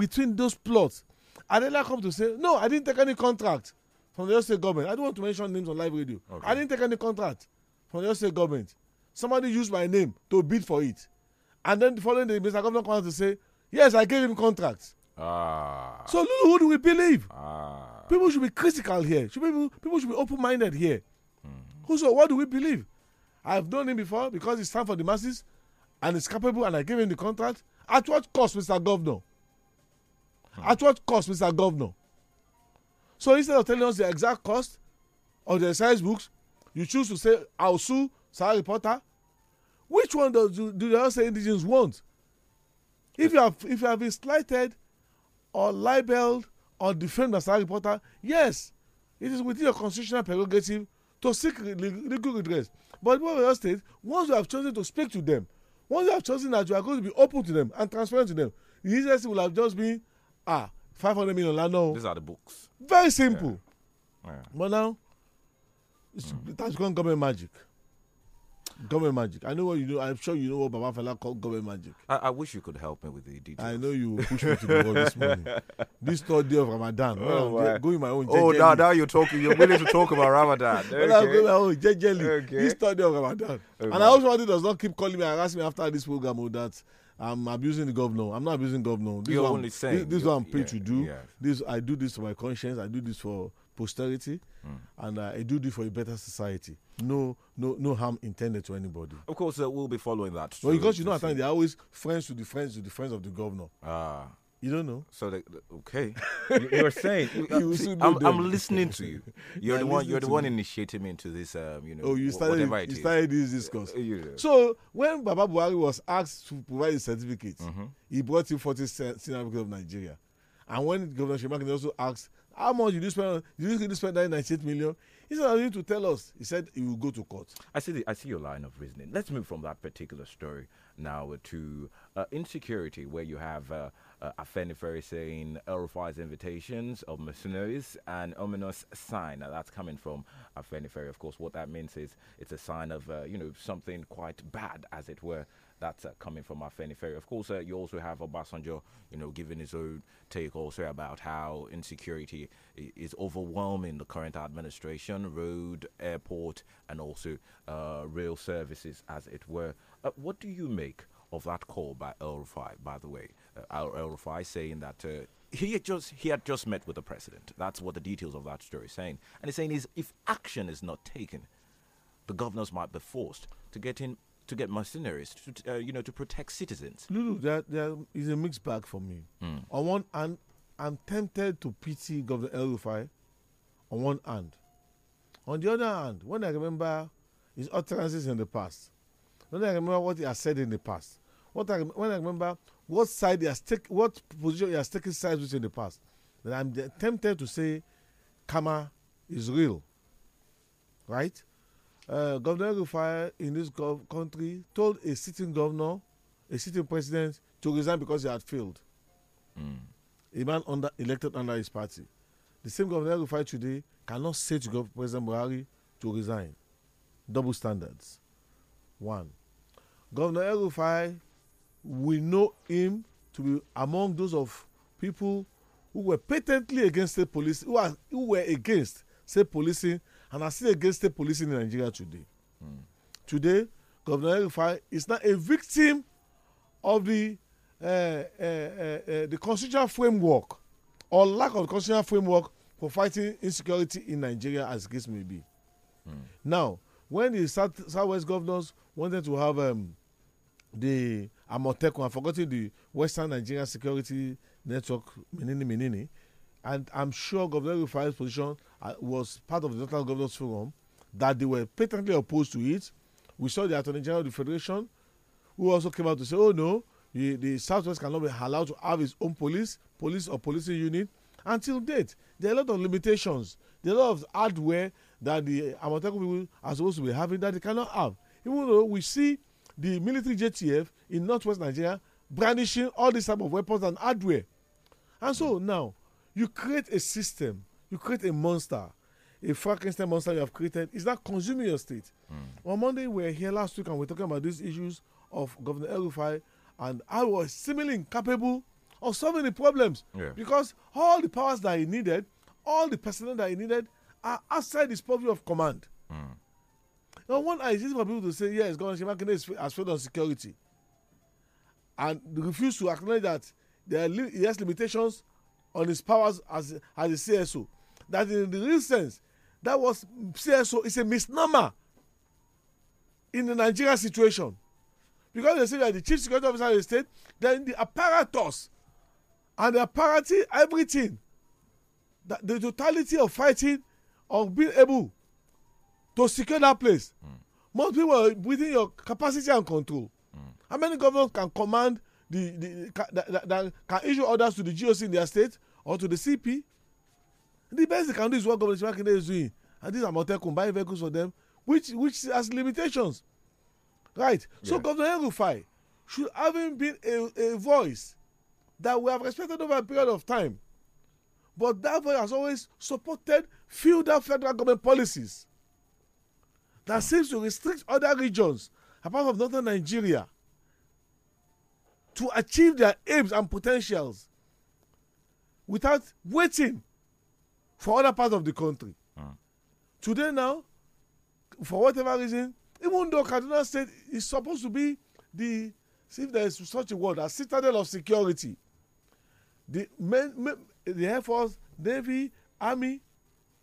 between those plots, Adela come to say, no, I didn't take any contract from the state government. I don't want to mention names on live radio. Okay. I didn't take any contract from the state government. Somebody used my name to bid for it. And then the following day, Mr. Governor comes to say, yes, I gave him contracts. Ah. So who do we believe? Ah. People should be critical here. Should people, people should be open-minded here. Mm. So what do we believe? I've known him before because it's time for the masses and it's capable and I gave him the contract. At what cost, Mr. Governor? At what cost, Mr. Governor? So instead of telling us the exact cost of the exercise books, you choose to say, I'll sue Sarah Reporter. Which one does, do, do the other indigenous want? If you have if you have been slighted or libeled or defamed as a reporter, yes, it is within your constitutional prerogative to seek legal redress. But what other state, once you have chosen to speak to them, once you have chosen that you are going to be open to them and transparent to them, the easiest will have just been ah five hundred I know. these are the books. very simple yeah. Yeah. but now mm. that's called government magic government magic i know what you know i'm sure you know what baba fela called government magic. I, I wish you could help me with the details. i know you push me to the wall this morning this third day of ramadan oh, well, i'm going my own oh now now you're talking you're willing to talk about ramadan. okay. well i'm going my own okay. this third day of ramadan okay. Oh, and i also want somebody does not keep calling me and ask me after this program or that I'm abusing the governor. I'm not abusing the governor. This You're only saying. This, this I'm paid yeah, to do. Yeah. This I do this for my conscience. I do this for posterity, mm. and uh, I do this for a better society. No, no, no harm intended to anybody. Of course, uh, we'll be following that. Well, because you know, at times they're always friends to the friends to the friends of the governor. Ah. You don't know. So like, okay, you, are saying you uh, I'm, I'm, listening to you. You're the one. You're the one me. initiating me into this. Um, you know. Oh, you started. you started this discourse. Uh, so when Baba Buhari was asked to provide a certificate, mm-hmm. he brought in 40 certificates of Nigeria, and when Governor Shemakinde also asked, "How much did you spend? Did you spend that 98 million? He said, "I need to tell us." He said, "He will go to court." I see. The, I see your line of reasoning. Let's move from that particular story now to uh, insecurity, where you have. Uh, uh, Afenifere saying El Rufai's invitations of mercenaries and ominous sign. Now that's coming from Afenifere. Of course, what that means is it's a sign of, uh, you know, something quite bad, as it were. That's uh, coming from Afenifere. Of course, uh, you also have Obasanjo, you know, giving his own take also about how insecurity is overwhelming the current administration, road, airport, and also uh, rail services, as it were. Uh, what do you make of that call by El Rufai, by the way? Uh, Al Rafai saying that uh, he had just he had just met with the president. That's what the details of that story is saying. And he's saying is if action is not taken, the governors might be forced to get in to get mercenaries to uh, you know to protect citizens. Lulu, there, there is a mixed bag for me. Mm. On one hand, I'm tempted to pity Governor El Rufai. On one hand, on the other hand, when I remember his utterances in the past, when I remember what he has said in the past, what I, when I remember what side he has take, what position he has taken sides with in the past, then I'm tempted to say Kama is real, right? Uh, governor Rufai in this country told a sitting governor, a sitting president, to resign because he had failed. Mm. A man under elected under his party. The same governor Rufai today cannot say to President Buhari to resign. Double standards. One. Governor El Rufai we know him to be among those of people who were patently against state police, who, are, who were against state policing and are still against state policing in nigeria today mm. today governor erifai is now a victim of the uh, uh, uh, uh, the constitutional framework or lack of constitutional framework for fighting insecurity in nigeria as the case may be mm. now when the south southwest governors wanted to have um, the Amoteco. I've forgotten the Western Nigerian Security Network, Menini Menini. And I'm sure Governor Rufai's position uh, was part of the National Governors Forum that they were patently opposed to it. We saw the Attorney General of the Federation who also came out to say, oh no, the, the Southwest cannot be allowed to have its own police, police or policing unit. Until date, there are a lot of limitations. There are a lot of hardware that the Amoteco people are supposed to be having that they cannot have. Even though we see the military JTF in northwest Nigeria brandishing all these type of weapons and hardware. And so now you create a system, you create a monster, a Frankenstein monster you have created. Is that consuming your state? Mm. On Monday we were here last week and we are talking about these issues of Governor Elrufai, and I was seemingly incapable of solving the problems yeah. because all the powers that he needed, all the personnel that he needed are outside his purview of command. Mm. No one is easy for people to say, yes, Governor Shemakinde is, has failed on security and refuse to acknowledge that there are li yes limitations on his powers as as a CSO. That in the real sense, that was CSO is a misnomer in the Nigeria situation. Because they say that the chief security officer of the state, then the apparatus and the apparatus, everything, the, the totality of fighting, of being able to secure that place. Mm. Most people within your capacity and control. Mm. How many governors can command the, the that, that, can issue orders to the GOC in their state or to the CP? The best they can do is what Governor is doing, and these are Motekun buying vehicles for them, which which has limitations, right? Yeah. So Governor Elrufai should have been a, a voice that we have respected over a period of time, but that voice has always supported feudal federal government policies that seems to restrict other regions apart from northern Nigeria to achieve their aims and potentials without waiting for other parts of the country. Mm. Today, now, for whatever reason, even though Kaduna State is supposed to be the, see if there is such a word, a citadel of security, the, men, the Air Force, Navy, Army,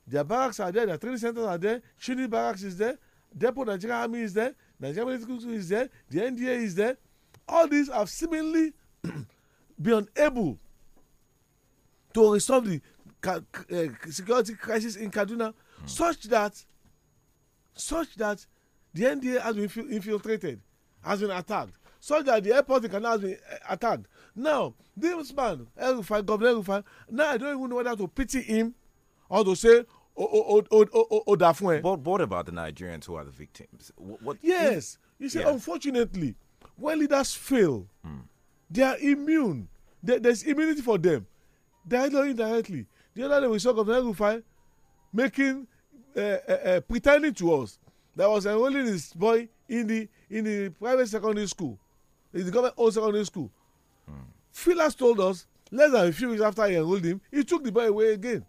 their barracks are there, their training centers are there, Shini barracks is there, Depo Nigerian Army is there, Nigerian Military School is there, the NDA is there. All these have seemingly been unable to resolve the uh, security crisis in Kaduna, mm. such that such that the NDA has been infiltrated, has been attacked, such that the airport in Kaduna has been eh, attacked. Now, this man, El Governor El Rufai, now I don't even know whether to pity him or to say, ó what about the Nigerians who are the victims. what, what yes you see unfortunately when leaders fail mm. they are immune there, there's immunity for them directly or indirectly the other day we saw governor Rufai making uh, uh, uh, pretending to us that was enrolling his boy in the in the private secondary school in the government old secondary school mm. Phyllis told us less than a few weeks after he enrolled him he took the boy away again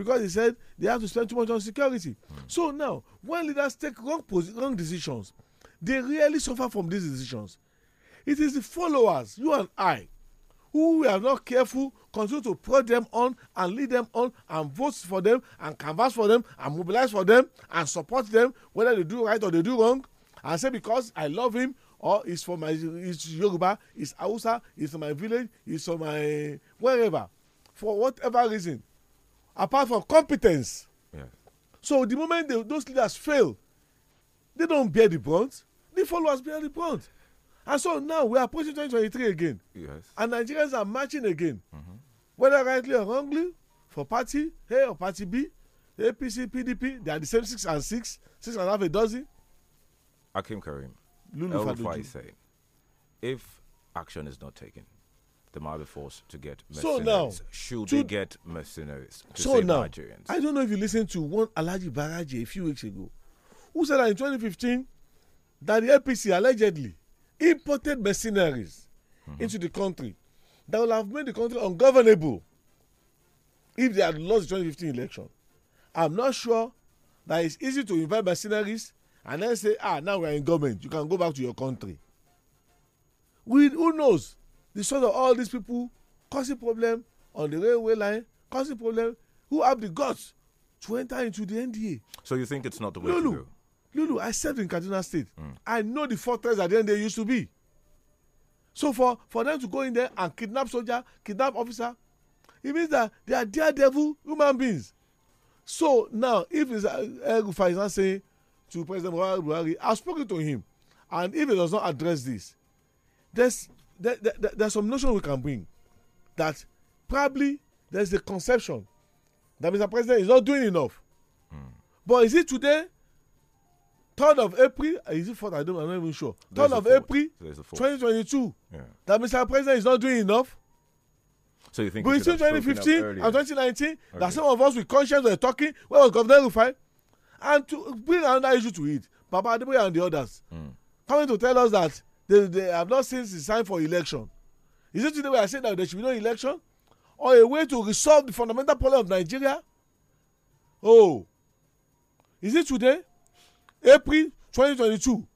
because he said they have to spend too much on security. Mm. So now, when leaders take wrong, wrong decisions, they really suffer from these decisions. It is the followers, you and I, who we are not careful, continue to prod them on and lead them on and vote for them and canvass for them and mobilize for them and support them, whether they do right or they do wrong, and say because I love him or it's for my it's Yoruba, it's Hausa, it's my village, it's for my wherever, for whatever reason apart from competence. Yes. So the moment they, those leaders fail, they don't bear the brunt. The followers bear the brunt. And so now we are approaching 2023 again. Yes. And Nigerians are marching again. Mm -hmm. Whether rightly or wrongly, for party A or party B, APC, PDP, they are the same six and six, six and a half a dozen. Akim Karim, Lulu Faduji. say, if action is not taken, the mother force to get mercenaries? So now, should to, they get mercenaries to so save now, Nigerians? I don't know if you listened to one Alaji Baraji a few weeks ago, who said that in 2015 that the APC allegedly imported mercenaries mm -hmm. into the country that would have made the country ungovernable if they had lost the 2015 election. I'm not sure that it's easy to invite mercenaries and then say, ah, now we're in government, you can go back to your country. We, who knows? the source of all these people causing problem on the railway line causing problem who have the guts to enter into the nda. so you think it's not the way lulu, to go lulu i served in kaduna state mm. i know the fortress that the nda used to be so for for them to go in there and kidnap soldier kidnap officer it means that they are daredevil human beings so now if el rufai is not saying to president buhari i have spoken to him and if he does not address this there's there, there, there's some notion we can bring that probably there's a conception that Mr. President is not doing enough. Mm. But is it today? 3rd of April, uh, is it 4th? I don't, I'm not even sure. 3rd of April, 2022, yeah. that Mr. President is not doing enough. So you think but between 2015 and 2019, okay. that some of us with conscience were talking, where was Governor Rufai? And to bring another issue to it, Baba Adeboye and the others, mm. coming to tell us that they, they have not seen the sign for election is it today we i say that there should be no election or a way to resolve the fundamental problem of nigeria oh is it today april 2022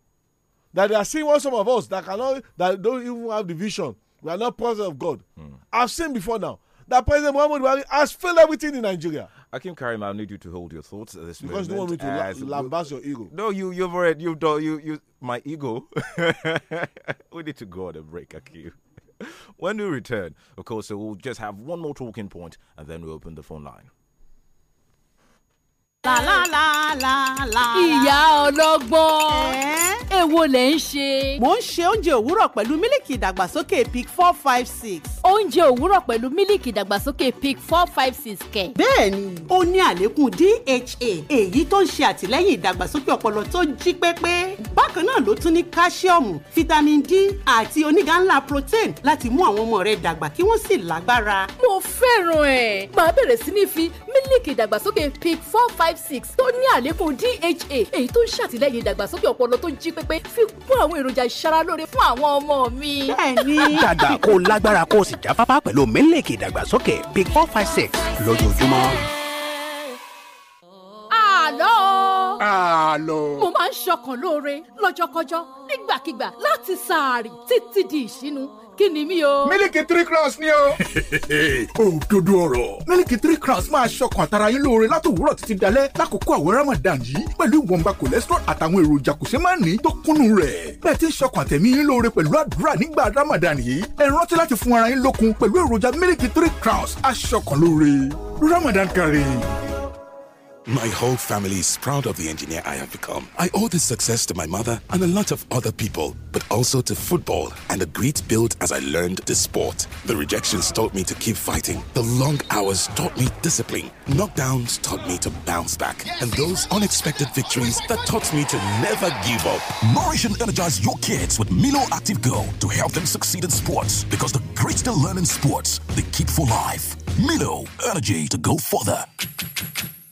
that they are seeing what some of us that cannot that don't even have the vision we are not prophets of god mm. i have seen before now that President Muhammad Buhari has failed everything in Nigeria. Akim Karim, I need you to hold your thoughts this because moment. Because you want me to lambast your ego. No, you, you've already, you've done, you, you, my ego. we need to go on a break, Akim. when we return, of course, so we'll just have one more talking point and then we we'll open the phone line. ìyá ọlọ́gbọ́n eh? èwo lẹ̀ ń ṣe. mo ń ṣe oúnjẹ òwúrọ̀ pẹ̀lú mílìkì ìdàgbàsókè pic four five six. oúnjẹ òwúrọ̀ pẹ̀lú mílìkì ìdàgbàsókè pic four five six kẹ̀. bẹ́ẹ̀ni ó ní àlékún DHA èyí tó ń ṣe àtìlẹ́yìn ìdàgbàsókè ọpọlọ tó jí pépé bákan náà ló tún ní káṣíọ̀mù fítámìn D àti onígá ńlá protein láti mú àwọn ọmọ rẹ dàgbà kí wọ́n sì lágbára. mo fẹ́ràn ẹ̀ máa bẹ̀rẹ̀ sí ní fi four five five six tó ní àlékún dha èyí tó ń ṣàtìlẹ́yìn ìdàgbàsókè ọpọlọ tó jí pépé fi kún àwọn èròjà ìṣaralóore fún àwọn ọmọ mi. bẹ́ẹ̀ni. dàgbà kó lágbára kó o sì jáfáfá pẹ̀lú mílíkì ìdàgbàsókè big four five six lójoojúmọ́. àlọ́. àlọ́. mo máa ń ṣọkàn lóore lọ́jọ́kọjọ́ nígbàkigbà láti sàárì títí di ìṣínú kí ni mí o. mílìkì three crowns ni o. òdodo ọ̀rọ̀ mílìkì three crowns máa ṣọkàn àtàrà yín lóore látòwúrọ̀ títí dalẹ́ lákòókò àwẹ̀ ramadan yìí pẹ̀lú ìwọ̀nba cholesterol àtàwọn èròjà kò ṣe máa ní tó kúnnú rẹ̀. bẹ́ẹ̀ ti ń ṣọkàn àtẹ̀mí yín lóore pẹ̀lú àdúrà nígbà ramadan yìí ẹ rántí láti fún ara yín lókun pẹ̀lú èròjà mílìkì three crowns aṣọkàn lóore ramadan kari. My whole family is proud of the engineer I have become. I owe this success to my mother and a lot of other people, but also to football and the great build as I learned the sport. The rejections taught me to keep fighting. The long hours taught me discipline. Knockdowns taught me to bounce back. And those unexpected victories that taught me to never give up. Nourish and energize your kids with Milo Active Girl to help them succeed in sports because the greats they learn in sports, they keep for life. Milo, energy to go further.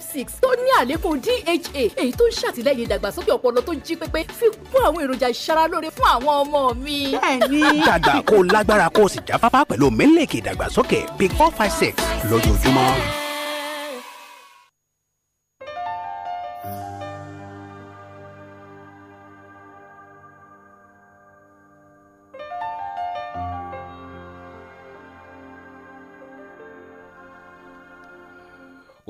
five six tó ní àlékún dha èyí tó ń ṣàtìlẹ́yìn ìdàgbàsókè ọpọlọ tó jí pépé fi kún àwọn èròjà ìṣaralóore fún àwọn ọmọ mi. bẹ́ẹ̀ni. dàgbà kó lágbára kó o sì jáfáfá pẹ̀lú mílíkì ìdàgbàsókè big four five six lójoojúmọ́.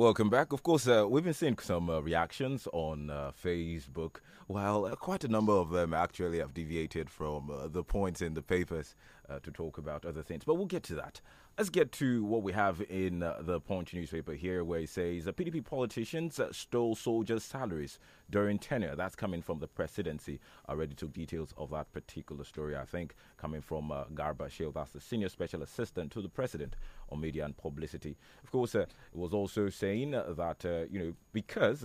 Welcome back. Of course, uh, we've been seeing some uh, reactions on uh, Facebook. While uh, quite a number of them actually have deviated from uh, the points in the papers uh, to talk about other things. But we'll get to that. Let's get to what we have in uh, the Punch newspaper here, where it says the PDP politicians uh, stole soldiers' salaries during tenure. That's coming from the presidency. I already took details of that particular story, I think, coming from uh, Garba Shale. That's the senior special assistant to the president on media and publicity. Of course, uh, it was also saying that, you know, because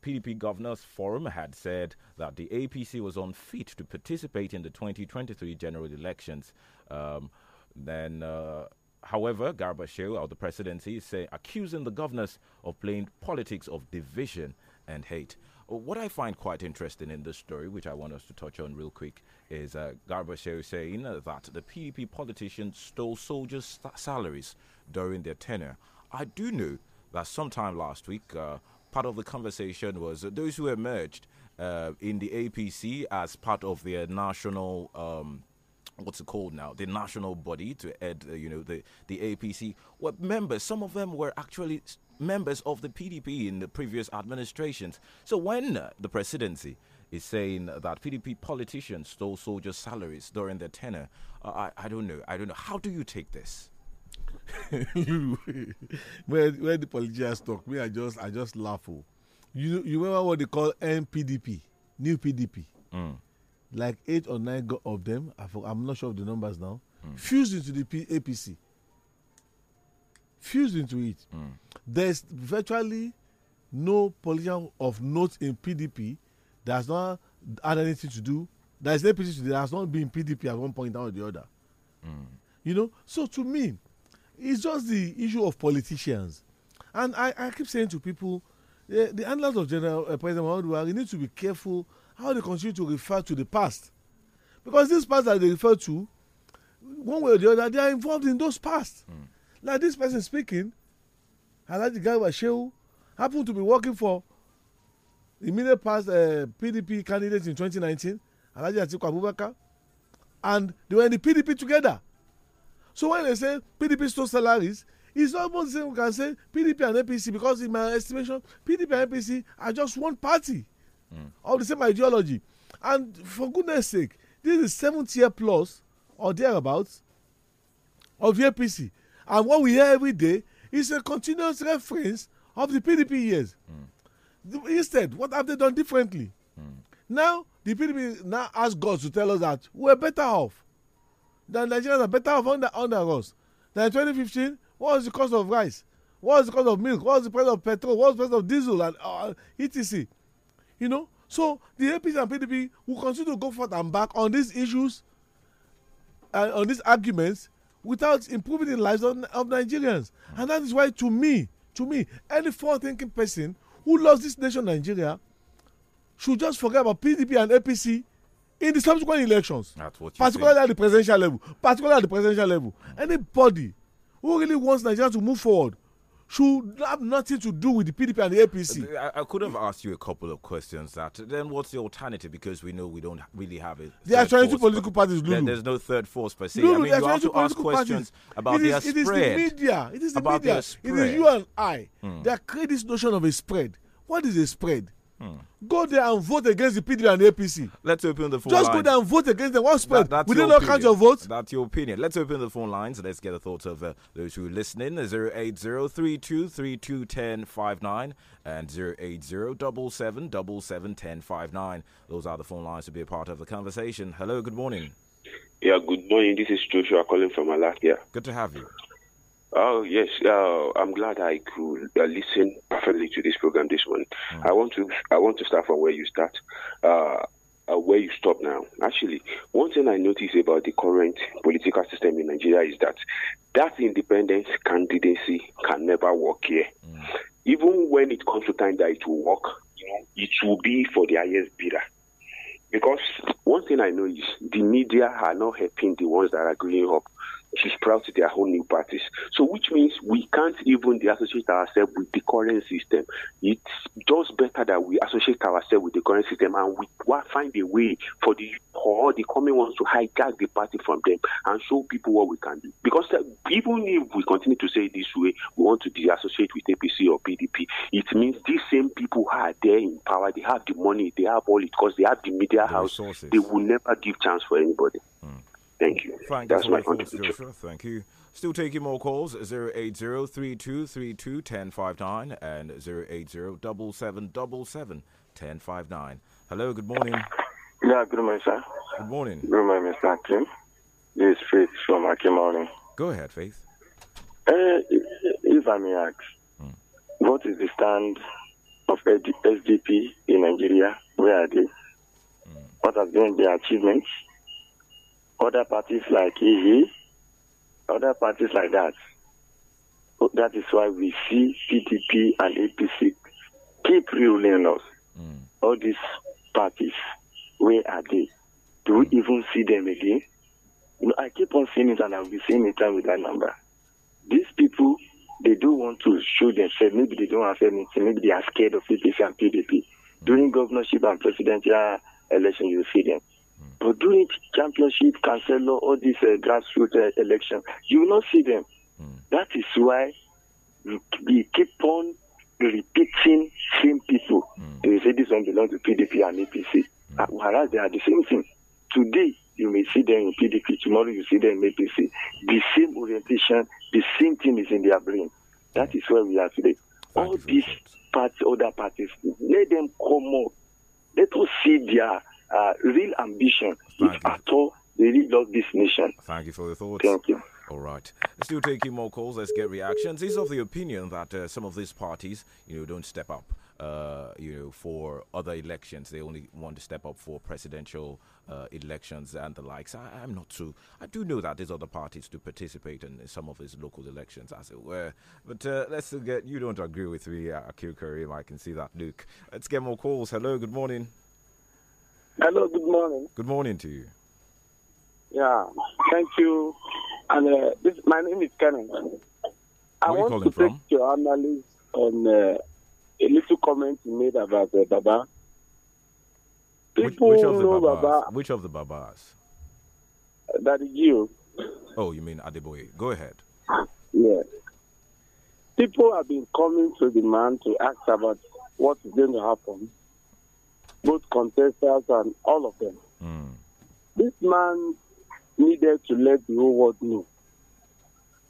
the PDP Governors Forum had said that the APC was unfit to participate in the 2023 general elections. Um, then, uh, however, Garba Shehu of the presidency is accusing the governors of playing politics of division and hate. Uh, what I find quite interesting in this story, which I want us to touch on real quick, is uh, Garba Shehu saying that the PDP politicians stole soldiers' salaries during their tenure. I do know that sometime last week, uh, part of the conversation was those who emerged uh, in the APC as part of their national. Um, what's it called now the national body to add uh, you know the the APC were members some of them were actually members of the PDP in the previous administrations so when uh, the presidency is saying that PDP politicians stole soldiers salaries during their tenure I I don't know I don't know how do you take this when when the politicians talk me i just i just laugh Oh, you you remember what they call npdp new pdp mm. like eight or nine of them I am not sure of the numbers now mm. fused into the P apc fused into it mm. there's virtually no politician of note in pdp that has not had anything to do there is to pdp that has not been pdp at one point or the other hmm. you know so to me it's just the issue of politicians. And I, I keep saying to people, the, eh, the handlers of General uh, President Muhammadu Buhari need to be careful how they continue to refer to the past. Because this past that they refer to, one way or the other, they are involved in those past. Mm. Like this person speaking, Alhaji Garba happened to be working for the immediate past uh, eh, PDP candidate in 2019, Alhaji Atiku Abubakar, and they were in the PDP together. So when they say PDP stole salaries, it's almost the same we can say PDP and APC because in my estimation, PDP and APC are just one party mm. of the same ideology. And for goodness sake, this is seventh year plus or thereabouts of the APC. And what we hear every day is a continuous reference of the PDP years. Mm. Instead, what have they done differently? Mm. Now, the PDP now ask God to tell us that we're better off that Nigerians are better off under, under us. Than in 2015, what was the cost of rice? What was the cost of milk? What was the price of petrol? What was the price of diesel and uh, etc.? You know, so the APC and PDP will continue to go forth and back on these issues and on these arguments without improving the lives of, of Nigerians. And that is why, to me, to me, any forward-thinking person who loves this nation, Nigeria, should just forget about PDP and APC in the subsequent elections, particularly at the presidential level, particularly at the presidential level, anybody who really wants Nigeria to move forward should have nothing to do with the PDP and the APC. Uh, I, I, could have asked you a couple of questions that then what's the alternative because we know we don't really have it. There are 22 political parties, Lulu. there's no third force per se. Lulu, I mean, you have to ask questions parties. about it is, their spread. It is the media. It is the about media. It is you and I mm. that create this notion of a spread. What is a spread? Hmm. Go there and vote against the PDP and the APC. Let's open the phone Just lines. go there and vote against them. What's that, We did not count your votes. That's your opinion. Let's open the phone lines. Let's get the thoughts of uh, those who are listening. 08032321059 and 08077771059. Those are the phone lines to be a part of the conversation. Hello, good morning. Yeah, good morning. This is Joshua calling from Alaska. Good to have you. Oh, yes. Uh, I'm glad I could uh, listen perfectly to this program this one, Mm. I want to I want to start from where you start, uh, uh where you stop now. Actually, one thing I notice about the current political system in Nigeria is that that independent candidacy can never work here. Mm. Even when it comes to time that it will work, you know, it will be for the highest bidder. Because one thing I know is the media are not helping the ones that are growing up she proud their whole new parties. So, which means we can't even associate ourselves with the current system. It's just better that we associate ourselves with the current system and we find a way for the for the coming ones to hijack the party from them and show people what we can do. Because uh, even if we continue to say this way, we want to disassociate with APC or PDP, it means these same people are there in power. They have the money, they have all it, because they have the media the house. Resources. They will never give chance for anybody. Mm. Thank you. Thank That's you my contribution. Joshua. Thank you. Still taking more calls 080-3232-1059 and 080-777-1059. Hello, good morning. Yeah, good morning, sir. Good morning. Good morning, Mr. Akim. This is Faith from Akimani. Go ahead, Faith. Uh, if I may ask, hmm. what is the stand of SDP in Nigeria? Where are they? Hmm. What has been their achievements? other parties like EE, other parties like that. That is why we see PDP and APC keep ruling us. Mm. All these parties, where are they? Do we hmm. even see them again? You know, I keep on seeing it and I'll be seeing it time with that number. These people, they do want to show themselves. Maybe they don't have anything. Maybe they are scared of APC and PDP. Hmm. During governorship and presidential election, you see them. But during championship, Cancelo, all these uh, grassroots uh, election, you will not see them. Mm. That is why we keep on repeating same people. Mm. They say this one belongs to PDP and APC, mm. Uh, whereas they are the same thing. Today, you may see them in PDP, tomorrow you see them in APC. The same orientation, the same thing is in their brain. That hmm. is where we are today. Thank all these parts, other parties, let them come up. Let us see their uh, real ambition, Thank if you. at all they really love this nation. Thank you for your thoughts. Thank you. All right. Still taking more calls. Let's get reactions. Is of the opinion that uh, some of these parties, you know, don't step up. Uh, you know, for other elections, they only want to step up for presidential uh, elections and the likes. I, am not too. I do know that these other parties do participate in some of these local elections, as it were. But uh, let's get. You don't agree with me, uh, Akil Karim. I can see that, Luke. Let's get more calls. Hello. Good morning. Hello, good morning. Good morning to you. Yeah, thank you. And uh, this, my name is Kenneth. I want to from? take your analysis on uh, a little comment you made about uh, Baba. People which, which of the Babas? Baba. Which of the Babas? That is you. Oh, you mean Adeboye. Go ahead. Yes. People have been coming to the man to ask about what is going to happen both contestants and all of them. Mm. This man needed to let the whole world know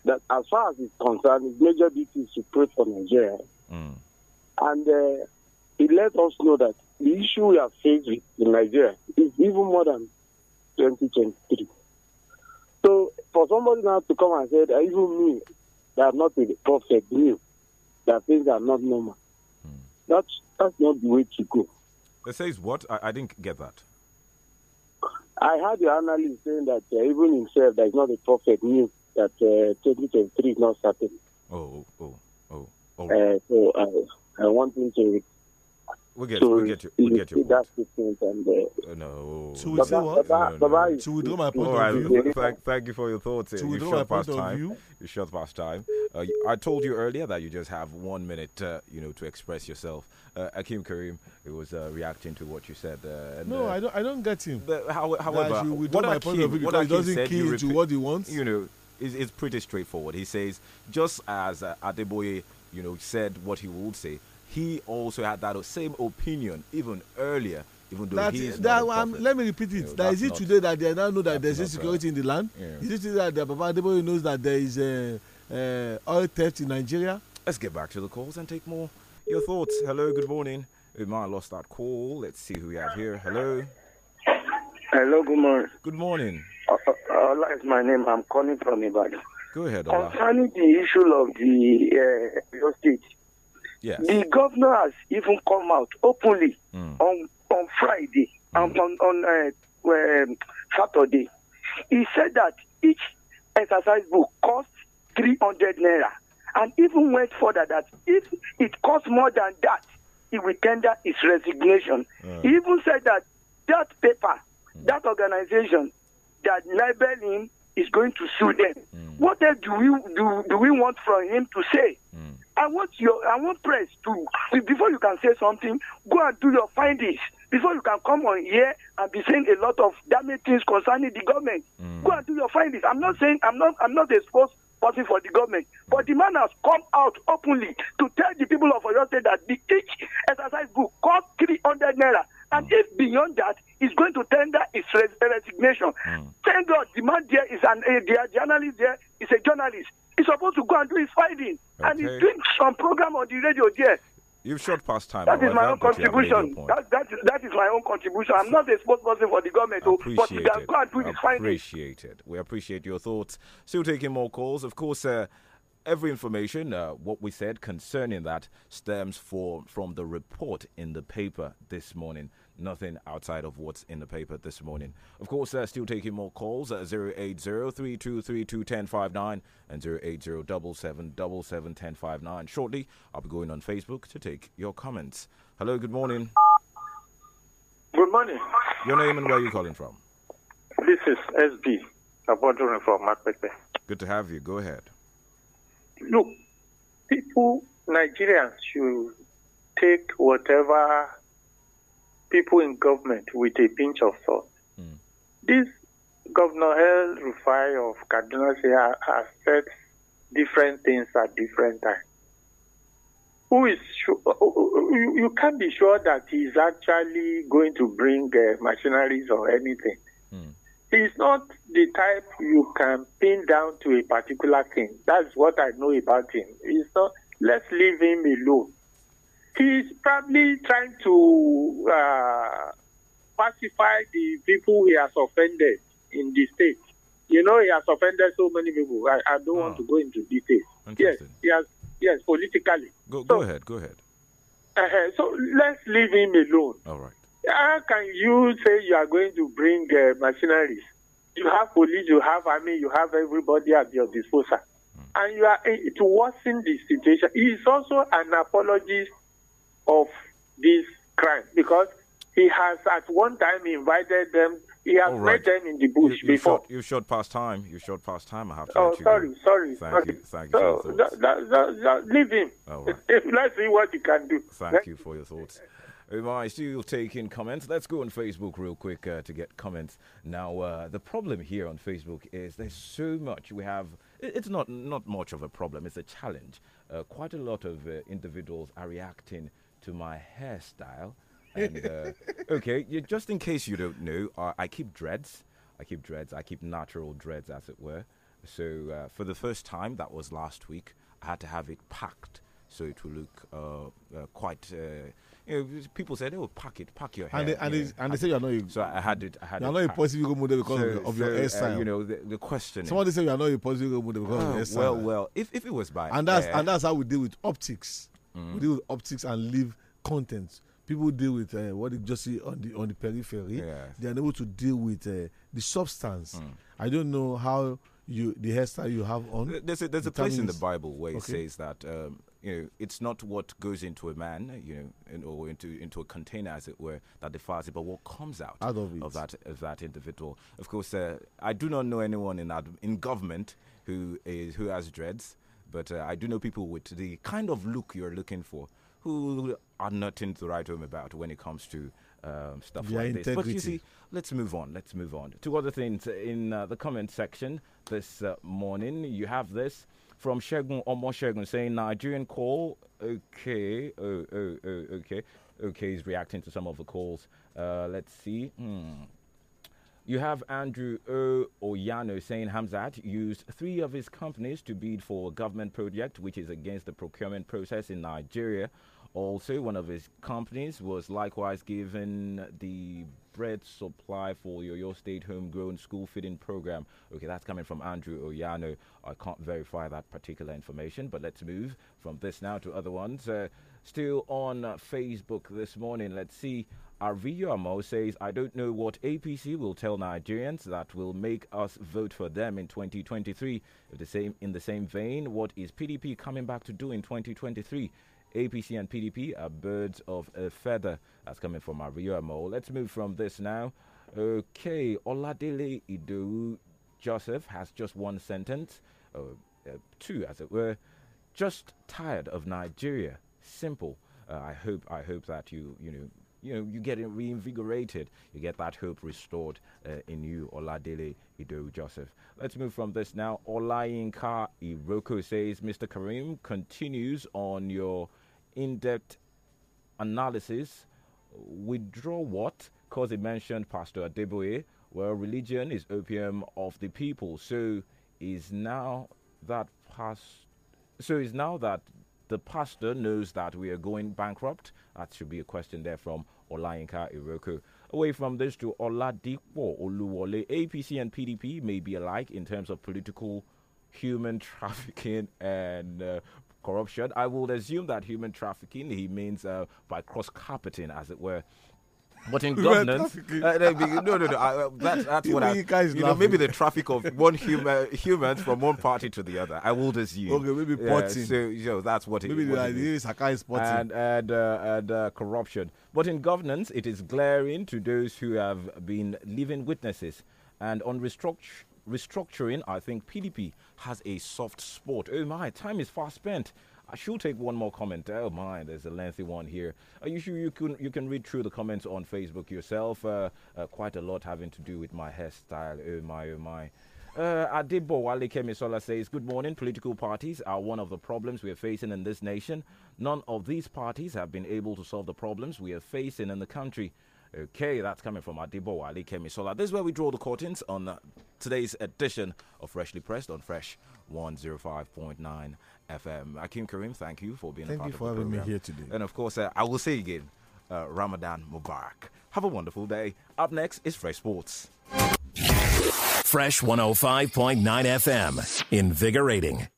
that as far as he's concerned, his major duty is to pray for Nigeria. Mm. And uh, he let us know that the issue we are faced with in Nigeria is even more than 2023. So for somebody now to come and say even me, that I'm not a prophet, knew that things are not normal, mm. that's, that's not the way to go. It says what? I, I didn't get that. I heard the analyst saying that uh, even himself, that uh, is not a prophet, knew that uh, 2023 is not certain. Oh, oh, oh. oh. Uh, so I, I want him to We'll get, so we'll get you. We'll get you. you that's the thing. And, uh, no. To what? No, no, no. To withdraw my point All right. of view. Thank, thank you for your thoughts. To withdraw my point of view. You shot past time. Uh, I told you earlier that you just have one minute, uh, you know, to express yourself. Uh, Akim Karim, it was uh, reacting to what you said. And, no, uh, I don't. I don't get him. The, how, however, that you withdraw my Akim, point of view because Akim doesn't said, you into what he wants. You know, it's, it's pretty straightforward. He says, just as uh, Adeboye, you know, said what he would say he also had that same opinion even earlier even though that, he is that, not um, let me repeat it you know, it not, today that they now know that there's insecurity in the land yeah. is it today that the papa Adeboye knows that there is oil theft in nigeria let's get back to the calls and take more your thoughts hello good morning umar lost that call let's see who we have here hello hello good morning good morning uh, uh, is my name i'm calling from ibadan go ahead Allah. concerning the issue of the uh, estate. Yes. The governor has even come out openly mm. on on Friday mm. and on, on uh, um, Saturday. He said that each exercise book costs 300 naira and even went further that if it costs more than that, he will tender his resignation. Mm. He even said that that paper, hmm. that organization that libel him is going to sue them. Hmm. What else do we, do, do we want from him to say? Hmm. I want your I want press to before you can say something, go and do your findings before you can come on here and be saying a lot of damn things concerning the government. Mm. Go and do your findings. I'm not saying I'm not I'm not a sports person for the government, but the man has come out openly to tell the people of Oyo State that the each exercise book cost 300 naira, and if beyond that, he's going to tender his uh, resignation. Mm. Thank God, the man there is an a uh, the, the there is a journalist. He's supposed to go and do his findings. Okay. And he's doing some program on the radio there. You've short past time. That is my own contribution. That, that, that is my own contribution. I'm not a spokesperson for the government, oh, appreciate but you can go and do the finding. Appreciated. We appreciate your thoughts. Still taking more calls. Of course, uh, every information, uh, what we said concerning that, stems for, from the report in the paper this morning nothing outside of what's in the paper this morning. Of course, they're uh, still taking more calls at 080-323-21059 and 080-777-1059. Shortly, I'll be going on Facebook to take your comments. Hello, good morning. Good morning. Your name and where you calling from? This is SB Abodun from Makpete. Good to have you. Go ahead. Look, people, Nigerians should take whatever people in government with a pinch of salt. Mm. This Governor El Rufai of Kaduna has said different things at different times. Who is sure, uh, uh, uh, you can't be sure that he's actually going to bring uh, machineries or anything. Mm. He's not the type you can pin down to a particular thing. That's what I know about him. He's not. Let's leave him alone he's probably trying to uh, pacify the people he has offended in the state. You know, he has offended so many people. I, I don't oh. want ah. to go into details. Yes, yes, yes, politically. Go, so, go ahead, go ahead. Uh, so let's leave him alone. All right. How can you say you are going to bring uh, machineries? You have police, you have army, you have everybody at your disposal. Mm. And you are to worsen the situation. He is also an apologist of this crime because he has at one time invited them. He has right. met them in the bush you, you before. Shot, you shot past time. You shot past time. I have to. Oh, sorry, you. sorry. Thank you. Thank you. So, for your leave him. right. if, let's see what he can do. Thank you for your thoughts. I still take in comments. Let's go on Facebook real quick uh, to get comments. Now, uh, the problem here on Facebook is there's so much we have. It's not not much of a problem. It's a challenge. Uh, quite a lot of uh, individuals are reacting to my hairstyle. And uh, okay, just in case you don't know, uh, I keep dreads. I keep dreads. I keep natural dreads, as it were. So uh, for the first time, that was last week. I had to have it packed so it will look uh, uh, quite. Uh, you know, people said, "Oh, pack it, pack your hair." And they, and, you know, and they, say you are not. so I had it. I had. You are not a positive model because so, of, so, your hairstyle. you know the, the question. Somebody said you are not a positive model because oh, of your hairstyle. Well, well, if, if it was by and that's and that's how we deal with optics mm. Mm-hmm. we deal with optics and live content people deal with uh, what you just see on the on the periphery yes. they are able to deal with uh, the substance mm. i don't know how you the hairstyle you have on there's a, there's a place in the bible where it okay. says that um, you know it's not what goes into a man you know in, or into into a container as it were that defiles it but what comes out, out of, of, that of that individual of course uh, i do not know anyone in in government who is who has dreads but uh, I do know people with the kind of look you're looking for who are nothing to write home about when it comes to um, stuff yeah, like integrity. this. But you see, let's move on. Let's move on. Two other things in uh, the comment section this uh, morning. You have this from Shegun Omo Shegun saying Nigerian call. Okay, oh, oh, oh, okay, okay. He's reacting to some of the calls. Uh, let's see. Hmm. You have Andrew O. Oyano saying Hamzat used three of his companies to bid for a government project which is against the procurement process in Nigeria. Also, one of his companies was likewise given the bread supply for your, your state homegrown school feeding program. Okay, that's coming from Andrew Oyano. I can't verify that particular information, but let's move from this now to other ones. Uh, still on Facebook this morning, let's see Arvio Amo says, I don't know what APC will tell Nigerians that will make us vote for them in 2023. If the same, in the same vein, what is PDP coming back to do in 2023? APC and PDP are birds of a feather. That's coming from Arvio Amo. Let's move from this now. Okay, Oladele Idu Joseph has just one sentence, or uh, two as it were. Just tired of Nigeria. Simple. Uh, I hope I hope that you you know you know, you get reinvigorated. You get that hope restored uh, in you, Oladele Ido Joseph. Let's move from this now. Olayinka Iroko says, Mr. Karim continues on your in-depth analysis. Withdraw what? Because he mentioned Pastor Adeboye. Well, religion is opium of the people. So is now that past. So is now that the pastor knows that we are going bankrupt? That should be a question there from Olayinka Iroko. Away from this to Oladipo Oluwole, APC and PDP may be alike in terms of political, human trafficking, and uh, corruption. I would assume that human trafficking he means uh, by cross carpeting, as it were. But in governance, uh, no, no, no. Uh, that's, that's what I. You guys, you know, maybe the traffic of one human humans from one party to the other. I will just you. Okay, maybe potting. Yeah, so you know, that's what it. Maybe the idea is potting and and, uh, and uh, corruption. But in governance, it is glaring to those who have been living witnesses. And on restructuring, I think PDP has a soft spot. Oh my, time is fast spent. I should take one more comment. Oh my, there's a lengthy one here. Are you sure you can you can read through the comments on Facebook yourself? Uh, uh, quite a lot having to do with my hairstyle. Oh my, oh my. Uh, Adibo Wale Kemisola says, Good morning. Political parties are one of the problems we are facing in this nation. None of these parties have been able to solve the problems we are facing in the country. Okay, that's coming from Adibo Wale Kemisola. This is where we draw the curtains on uh, today's edition of Freshly Pressed on Fresh 105.9 FM. Akim Karim, thank you for being thank a part of the Thank you for having me here today. And of course, uh, I will say again, uh, Ramadan Mubarak. Have a wonderful day. Up next is Fresh Sports. Fresh 105.9 FM, invigorating.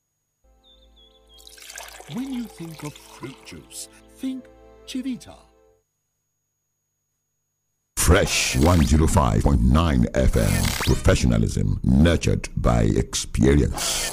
When you think of fruit juice, think Chivita. Fresh 105.9 FM. Professionalism nurtured by experience.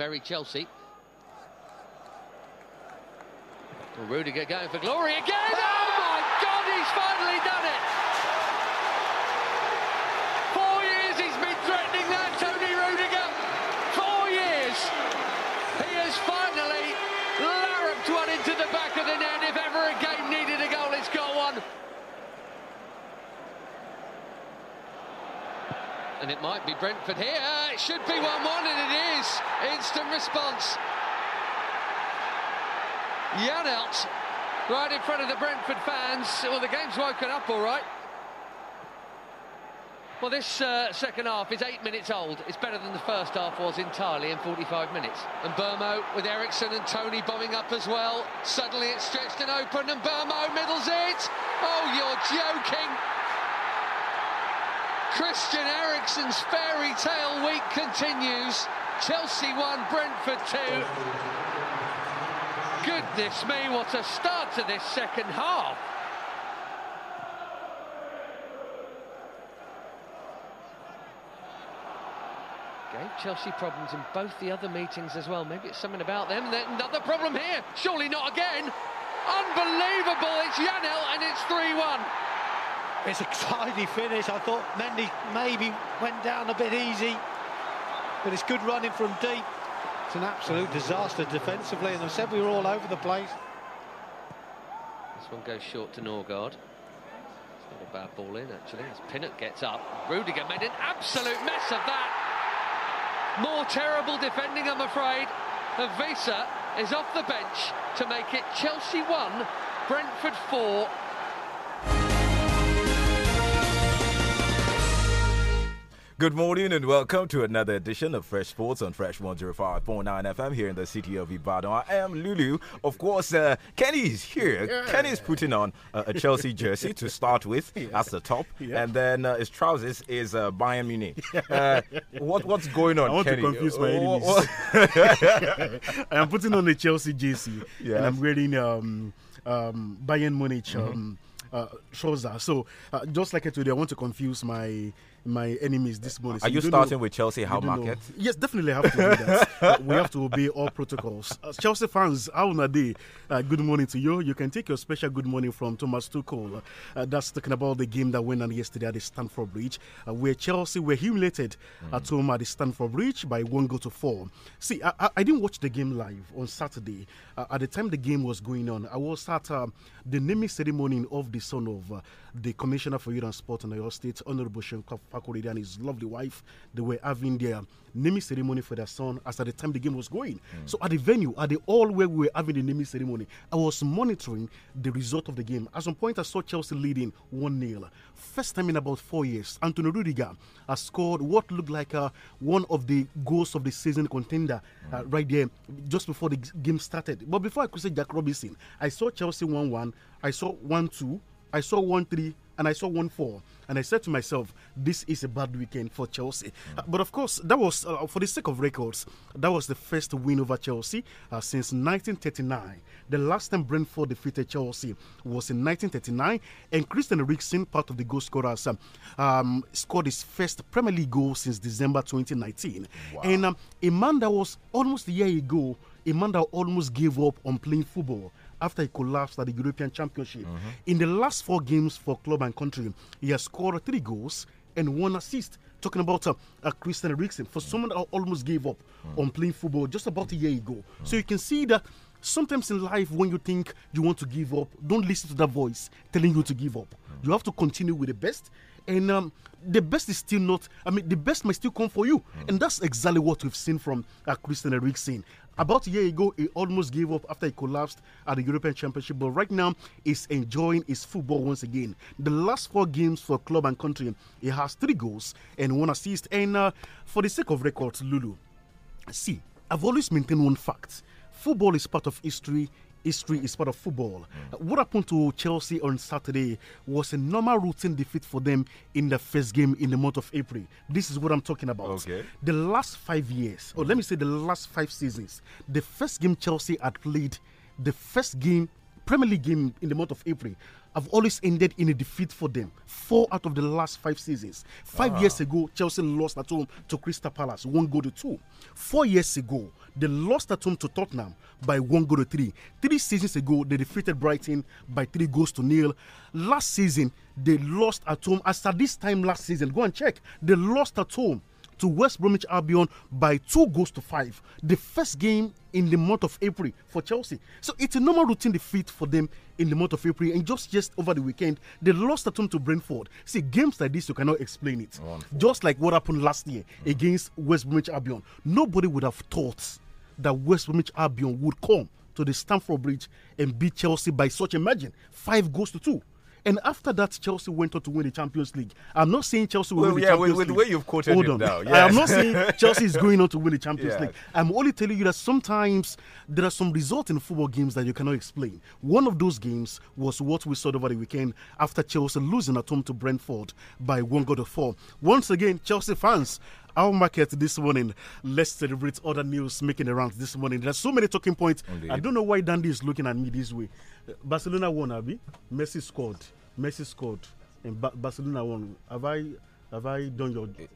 very Chelsea. Rudiger going for glory again. oh my God, he's finally done it. and it might be Brentford here. It should be 1 1, and it is. Instant response. Janelt right in front of the Brentford fans. Well, the game's woken up all right. Well, this uh, second half is eight minutes old. It's better than the first half was entirely in 45 minutes. And Burmo with Ericsson and Tony bombing up as well. Suddenly it's stretched and open, and Burmo middles it. Oh, you're joking. Christian Eriksen's fairy tale week continues. Chelsea won, Brentford two. Goodness me, what a start to this second half. Gave Chelsea problems in both the other meetings as well. Maybe it's something about them. Another problem here. Surely not again. Unbelievable. It's Yanel and it's 3-1. It's a tidy finish. I thought Mendy maybe went down a bit easy, but it's good running from deep. It's an absolute disaster defensively, and I said we were all over the place. This one goes short to Norgard. It's not a bad ball in, actually, as Pinnock gets up. Rudiger made an absolute mess of that. More terrible defending, I'm afraid. And Visa is off the bench to make it Chelsea 1, Brentford 4, Good morning and welcome to another edition of Fresh Sports on Fresh 105.9 FM here in the city of Ibadan. I am Lulu. Of course, uh, Kenny is here. Yeah. Kenny is putting on uh, a Chelsea jersey to start with yeah. as the top, yeah. and then uh, his trousers is uh, Bayern Munich. Uh, what, what's going on, I want Kenny? to confuse my enemies. I am putting on a Chelsea jersey, yes. and I'm wearing um, um, Bayern Munich. Mm -hmm. uh, trousers. So, uh, just like I told you, I want to confuse my my enemies this morning. So Are you, starting know, with Chelsea? How market? Know. Yes, definitely have to do that. we have to obey all protocols. Uh, Chelsea fans, how are they? Uh, good morning to you. You can take your special good morning from Thomas Tuchel. Uh, that's talking about the game that went on yesterday at the Stanford Bridge, uh, where Chelsea were humiliated mm. at home at the Stanford Bridge by one goal to four. See, I, I, I didn't watch the game live on Saturday. Uh, at the time the game was going on, I was at the naming ceremony of the son of the Commissioner for Youth and Sport in Oyo State, Honorable Shenkov Pakorida and his lovely wife. They were having their naming ceremony for their son as at the time the game was going. Mm. So at the venue, at the all where we were having the naming ceremony, I was monitoring the result of the game. At some point, I saw Chelsea leading 1 0. First time in about four years, Antonio Rudiger has scored what looked like uh, one of the goals of the season contender mm. uh, hmm. right there just before the game started. But before I could say Jack Robinson, I saw Chelsea 1 1, I saw 1 2, I saw 1 3 and I saw 1 4. And I said to myself, this is a bad weekend for Chelsea. Mm. But of course, that was, uh, for the sake of records, that was the first win over Chelsea uh, since 1939. The last time Brentford defeated Chelsea was in 1939, and Christian Eriksen, part of the goal scorers, um, um, scored his first Premier League goal since December 2019. Wow. And um, a man that was almost a year ago, a man that almost gave up on playing football after he collapsed at the European Championship. Mm -hmm. In the last four games for club and country, he has scored three goals and one assist. Talking about uh, uh, Christian Eriksen, for someone that almost gave up mm. on playing football just about a year ago. Mm. So you can see that sometimes in life when you think you want to give up don't listen to that voice telling you to give up mm. you have to continue with the best and um, the best is still not i mean the best might still come for you mm. and that's exactly what we've seen from uh, christian eriksen about a year ago, he almost gave up after he collapsed at the European Championship, but right now he's enjoying his football once again. The last four games for club and country, he has three goals and one assist. And uh, for the sake of records, Lulu, see, I've always maintained one fact football is part of history, history is part of football. Mm. What happened to Chelsea on Saturday was a normal routine defeat for them in the first game in the month of April. This is what I'm talking about. Okay. The last five years, or let me say the last five seasons, the first game Chelsea had played, the first game Premier League game in the month of April have always ended in a defeat for them. Four out of the last five seasons. Five ah. years ago, Chelsea lost at home to Crystal Palace, one goal to two. Four years ago, they lost at home to Tottenham by one goal to three. Three seasons ago, they defeated Brighton by three goals to nil. Last season, they lost at home. As at this time last season, go and check, they lost at home to West Bromwich Albion by two goals to five. The first game in the month of April for Chelsea. So it's a normal routine defeat for them in the month of April. And just just over the weekend, they lost at home to Brentford. See, games like this, you cannot explain it. Wonderful. Just like what happened last year mm against West Bromwich Albion. Nobody would have thought that West Bromwich Albion would come to the Stamford Bridge and beat Chelsea by such a margin, five goals to two. And after that, Chelsea went on to win the Champions League. I'm not saying Chelsea will well, win yeah, the Champions with, League. With the way you've quoted Hold on. Now, yes. I am not saying Chelsea is going on to win the Champions yeah. League. I'm only telling you that sometimes there are some results in football games that you cannot explain. One of those games was what we saw over the weekend after Chelsea losing at home to Brentford by one goal to four. Once again, Chelsea fans our market this morning. Let's celebrate other news making around this morning. There's so many talking points. Indeed. I don't know why Dandy is looking at me this way. Barcelona won, Abby. Messi scored. Messi scored. And ba Barcelona won. Have I have I done your eh,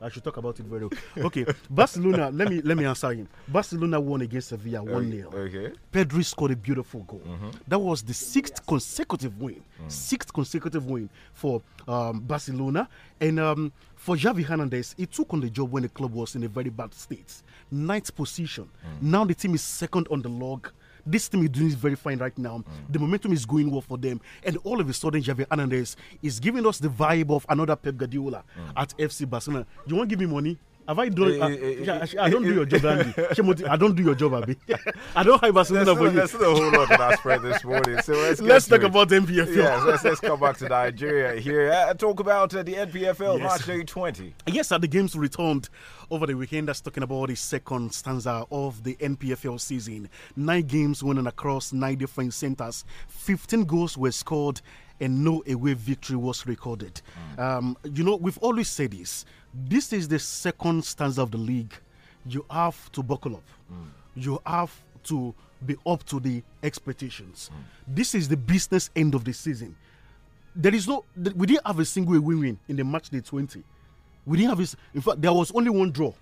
I should talk about it very well. Okay, Barcelona. let me let me answer him. Barcelona won against Sevilla one 0 Okay. Pedri scored a beautiful goal. Mm -hmm. That was the sixth consecutive win. Mm. Sixth consecutive win for um, Barcelona. And um, for Javi Hernandez, he took on the job when the club was in a very bad state. Ninth position. Mm. Now the team is second on the log this team is doing very fine right now. Mm. The momentum is going well for them. And all of a sudden, Javier Hernandez is giving us the vibe of another Pep Guardiola mm. at FC Barcelona. You want to give me money? Have I done? Uh, eh, yeah, eh, eh, I, I, don't do your job, Andy. I don't do your job, Abby. I don't have a solution for you. There's still a whole lot that I spread this morning. So let's, let's talk it. about NPFL. Yes, let's, let's come back to Nigeria here. Uh, uh talk about uh, the NPFL yes. March 20. Yes, uh, the games returned over the weekend. That's talking about the second stanza of the NPFL season. Nine games winning across nine different centers. 15 goals were scored and no away victory was recorded. Mm. Um, you know, we've always said this. This is the second stanza of the league. You have to buckle up. Mm. You have to be up to the expectations. Mm. This is the business end of the season. There is no, we didn't have a single win win in the match day 20. We didn't have, a, in fact, there was only one draw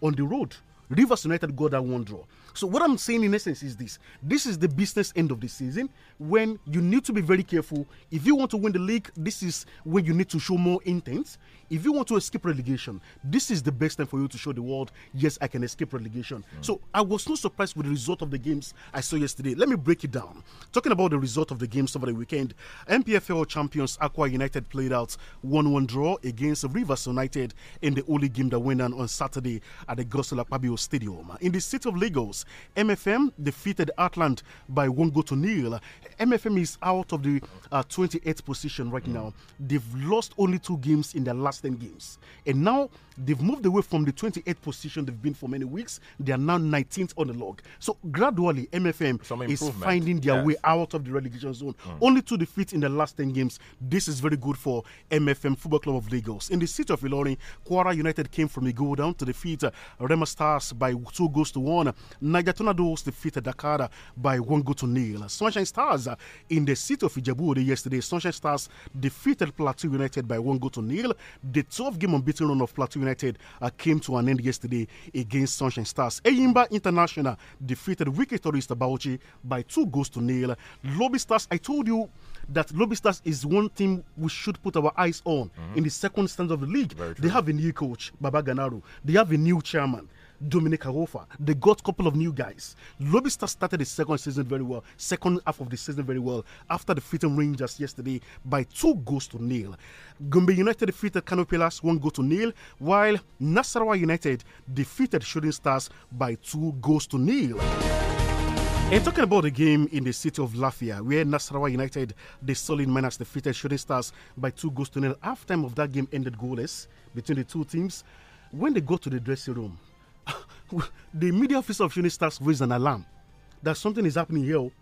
on the road. Rivers United got that one draw. So what I'm saying in essence is this: this is the business end of the season when you need to be very careful. If you want to win the league, this is when you need to show more intent. If you want to escape relegation, this is the best time for you to show the world, yes, I can escape relegation. Mm. So I was not surprised with the result of the games I saw yesterday. Let me break it down. Talking about the result of the games over the weekend, MPFL champions Aqua United played out 1-1 draw against Rivers United in the only game that went on on Saturday at the Gosela Pabio Stadium. In the city of Lagos, MFM defeated Atlant by one goal to nil. MFM is out of the uh, 28th position right mm. now. They've lost only two games in their last 10 games. And now they've moved away from the 28th position they've been for many weeks. They are now 19th on the log. So gradually, MFM is finding their yes. way out of the relegation zone. Mm. Only two defeats in the last 10 games. This is very good for MFM Football Club of Lagos. In the city of Ilorin. Quara United came from a goal down to defeat uh, Rema Stars Stars by two goals to one. Niger Tornadoes defeated Dakara by one goal to nil. Sunshine Stars in the city of Ijebu yesterday, Sunshine Stars defeated Plateau United by one goal to nil. The 12 game unbeaten run of Plateau United uh, came to an end yesterday against Sunshine Stars. Eyimba International defeated Wicked Tourist Bauchi by two goals to nil. Lobby Stars, I told you that Lobistas is one team we should put our eyes on mm -hmm. in the second stand of the league. They have a new coach, Baba Ganaru. They have a new chairman. Dominic Harofa. They got a couple of new guys. Lobista started the second season very well, second half of the season very well, after defeating Rangers yesterday by two goals to nil. Gombe United defeated Canopilas one goal to nil, while Nasarawa United defeated Shooting Stars by two goals to nil. And talking about the game in the city of Lafia, where Nasarawa United, the solid miners, defeated Shooting Stars by two goals to nil. Half time of that game ended goalless between the two teams. When they go to the dressing room, the media office of Unistars raised an alarm that something is happening here. Oh.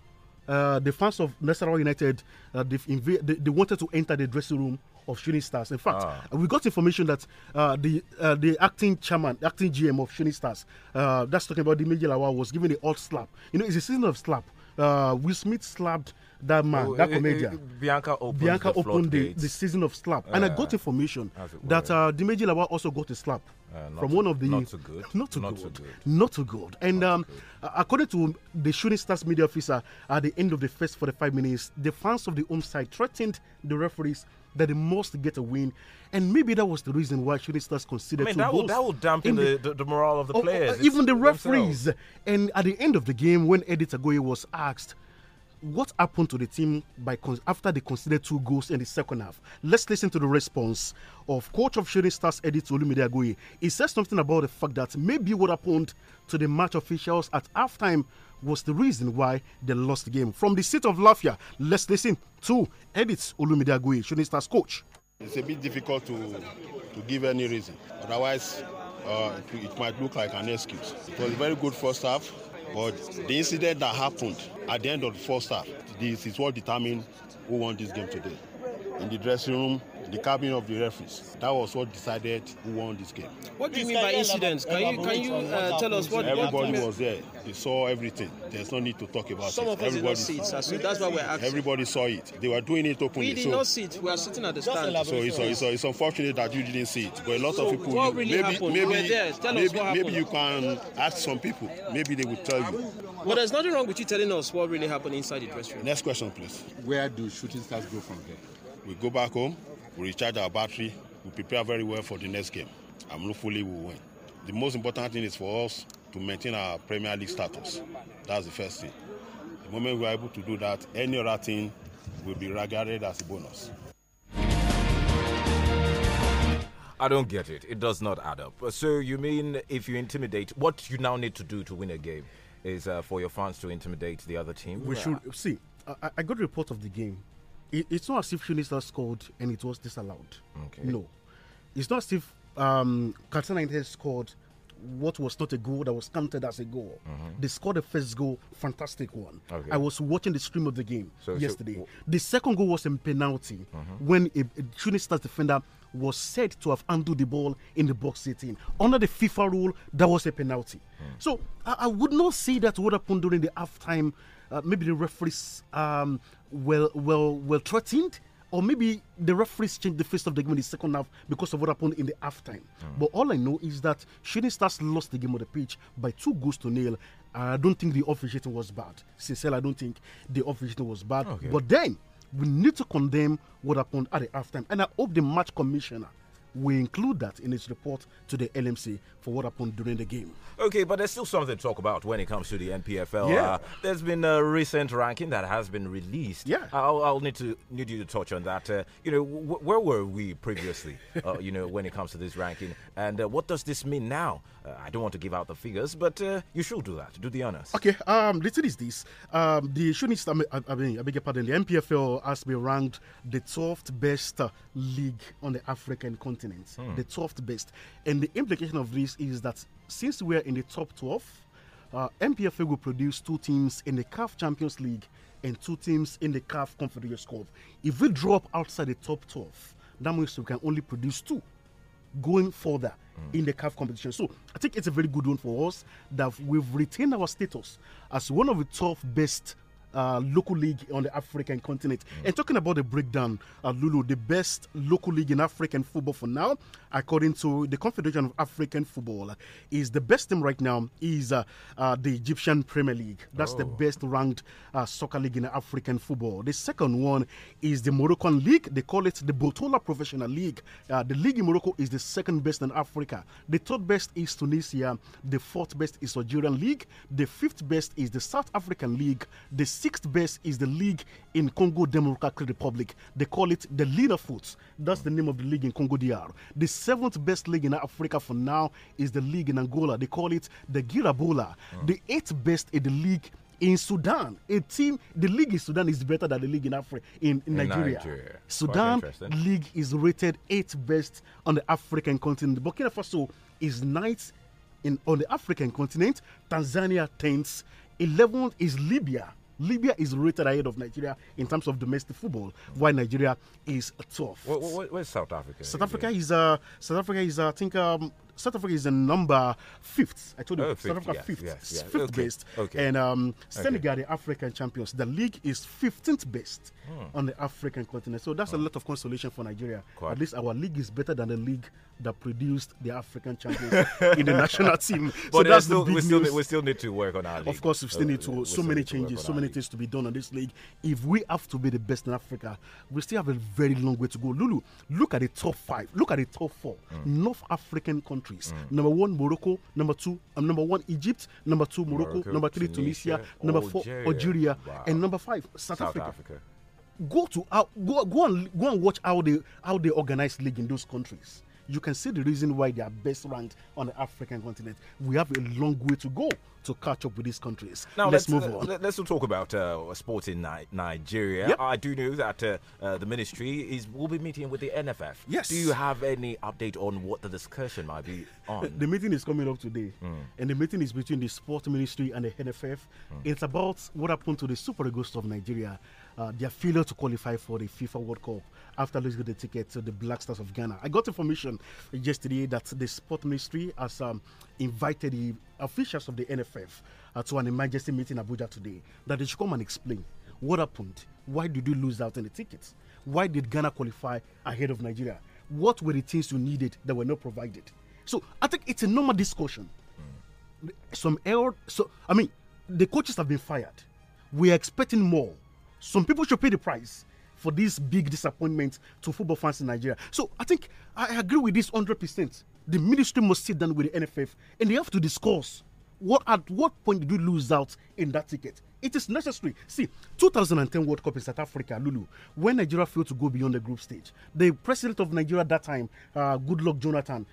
Uh, the fans of Nassau United, uh, they, they wanted to enter the dressing room of Shooting Stars. In fact, ah. we got information that uh, the uh, the acting chairman, acting GM of Shooting Stars, uh, that's talking about the Miguel Awa, was given a hard slap. You know, it's a season of slap. Uh, Will Smith slapped that man, oh, that eh, eh, comedian. Bianca opened, Bianca the, opened the, the, season of slap. and I got information that uh, Dimeji Lawa also got a slap. Uh, from one of the not too good, not too, not good, too good, not too good, and um, good. according to the shooting stars media officer, at the end of the first 45 minutes, the fans of the home side threatened the referees that they must get a win. And maybe that was the reason why shooting stars considered I mean, two that would Will, dampen the, the, the, morale of the oh, oh, players. even the referees. Themselves. And at the end of the game, when Edith Agoye was asked what happened to the team by after they conceded two goals in the second half? Let's listen to the response of coach of shooting stars Edith Olumide Agoye. He says something about the fact that maybe what happened to the match officials at halftime was the reason why they lost the game. From the seat of Lafia, let's listen to Edith Olumide Agoye, shooting stars coach. It's a bit difficult to to give any reason. Otherwise, uh, it, it might look like an excuse. It was a very good first half. But the incident that happened at the end of the first half, this is what determined who won this game today. in the dressing room, the cabin of the referees. That was what decided who won this game. What do you mean by incidents? Can you, can you uh, tell us what? Everybody was there. They saw everything. There's no need to talk about Some it. Some of us everybody did not see it, that's why we're asking. Everybody saw it. They were doing it openly. We did so not see it. We are sitting at the stand. So it's, it's, it's, unfortunate that you didn't see it, but a lot so of people. What really maybe, happened? Maybe, we there. Tell maybe, us what happened. Maybe you can ask some people. Maybe they will tell you. Well, there's nothing wrong with you telling us what really happened inside the dressing room. Next question, please. Where do shooting stars go from here? We go back home, we recharge our battery, we prepare very well for the next game, and hopefully we win. The most important thing is for us to maintain our Premier League status. That's the first thing. The moment we are able to do that, any other thing will be regarded as a bonus. I don't get it. It does not add up. So you mean if you intimidate, what you now need to do to win a game is uh, for your fans to intimidate the other team? We should see. I, I got a report of the game it, it's not as if Unisa scored and it was disallowed. Okay. No. It's not as if um, Katana United scored what was not a goal that was counted as a goal. Mm -hmm. They scored the first goal, fantastic one. Okay. I was watching the stream of the game so, yesterday. So, the second goal was a penalty mm -hmm. when a, a defender was said to have handled the ball in the box 18. Under the FIFA rule, that was a penalty. Mm. So I, I, would not say that what happened during the halftime uh, maybe the referees um, were, were, threatened or maybe the referees changed the face of the game in the second half because of what happened in the halftime. Mm. But all I know is that Shooting Stars lost the game on the pitch by two goals to nil. I don't think the officiating was bad. Sincerely, I don't think the officiating was bad. Okay. But then we need to condemn what happened at the halftime, and I hope the match commissioner will include that in its report to the LMC for what happened during the game. Okay, but there's still something to talk about when it comes to the NPFL. Yeah. Uh, there's been a recent ranking that has been released. Yeah. I'll, I'll need to need you to touch on that. Uh, you know, wh where were we previously? uh, you know, when it comes to this ranking, and uh, what does this mean now? Uh, I don't want to give out the figures, but uh, you should do that. Do the honors. Okay. Um, the is this: um, the Shunist, I I, mean, I beg your pardon. The NPFL has been ranked the 12th best league on the African continent continent, hmm. the 12th best. And the implication of this is that since we're in the top 12, uh, MPFA will produce two teams in the CAF Champions League and two teams in the CAF Confederations Cup. If we drop outside the top 12, that means we can only produce two going further mm. in the CAF competition. So I think it's a very good one for us that we've retained our status as one of the 12 best uh, local league on the African continent. Mm. And talking about the breakdown, uh, Lulu, the best local league in African football for now, according to the Confederation of African Football, is the best team right now is uh, uh the Egyptian Premier League. That's oh. the best ranked uh, soccer league in African football. The second one is the Moroccan League. They call it the Botola Professional League. Uh, the league in Morocco is the second best in Africa. The third best is Tunisia. The fourth best is Algerian League. The fifth best is the South African League. The sixth best is the league in Congo Democratic Republic. They call it the Leader Foot. That's the name of the league in Congo DR. The seventh best league in Africa for now is the league in Angola. They call it the Girabola. Oh. The eighth best is the league in Sudan, a team, the league in Sudan is better than the league in Africa in, in, in Nigeria. Nigeria. Sudan league is rated eighth best on the African continent. Burkina Faso is ninth in on the African continent. Tanzania tenth. Eleventh is Libya Libya is rated ahead of Nigeria in terms of domestic football, while Nigeria is tough? Where, where, where's South Africa? South Africa is, uh, South Africa is I think um, South Africa is the number fifth. I told you, oh, fifth, South Africa fifth, fifth okay. best. Okay. And um, Senegal, okay. the African champions, the league is 15th best hmm. on the African continent. So that's hmm. a lot of consolation for Nigeria. Quite. At least our league is better than the league that produced the African champions in the national team. But so that's still, the big we still, news. we still need to work on our league. Of course, we still uh, need to. Uh, so many changes, so many things to be done on this league. If we have to be the best in Africa, we still have a very long way to go. Lulu, look at the top five. Look at the top four. Hmm. North African countries countries. Mm. Number one, Morocco. Number two, um, number one, Egypt. Number two, Morocco. Morocco number three, Tunisia. Tunisia number oh, four, Algeria. Wow. And number five, South, South Africa. Africa. Go to uh, go go and go and watch how they how they organize league in those countries. You can see the reason why they are best ranked on the African continent. We have a long way to go to catch up with these countries. Now let's, let's move on. Let's talk about uh, in Ni Nigeria. Yep. I do know that uh, uh, the ministry is will be meeting with the NFF. Yes. Do you have any update on what the discussion might be on? the meeting is coming up today, mm. and the meeting is between the sports ministry and the NFF. Mm. It's about what happened to the Super Eagles of Nigeria. Uh, their failure to qualify for the FIFA World Cup after losing the ticket to the Black Stars of Ghana. I got information yesterday that the Sport Ministry has um, invited the officials of the NFF uh, to an emergency meeting in Abuja today that they should come and explain what happened. Why did you lose out on the tickets? Why did Ghana qualify ahead of Nigeria? What were the things you needed that were not provided? So I think it's a normal discussion. Some error. So I mean, the coaches have been fired. We are expecting more. Some people should pay the price for this big disappointment to football fans in Nigeria. So I think I agree with this hundred percent the ministry must sit down with the NFF and they have to discuss what at what point did we lose out in that ticket? It is necessary. See, 2010 World Cup in South Africa, Lulu, when Nigeria failed to go beyond the group stage, the president of Nigeria at that time, uh, Goodluck Jonathan,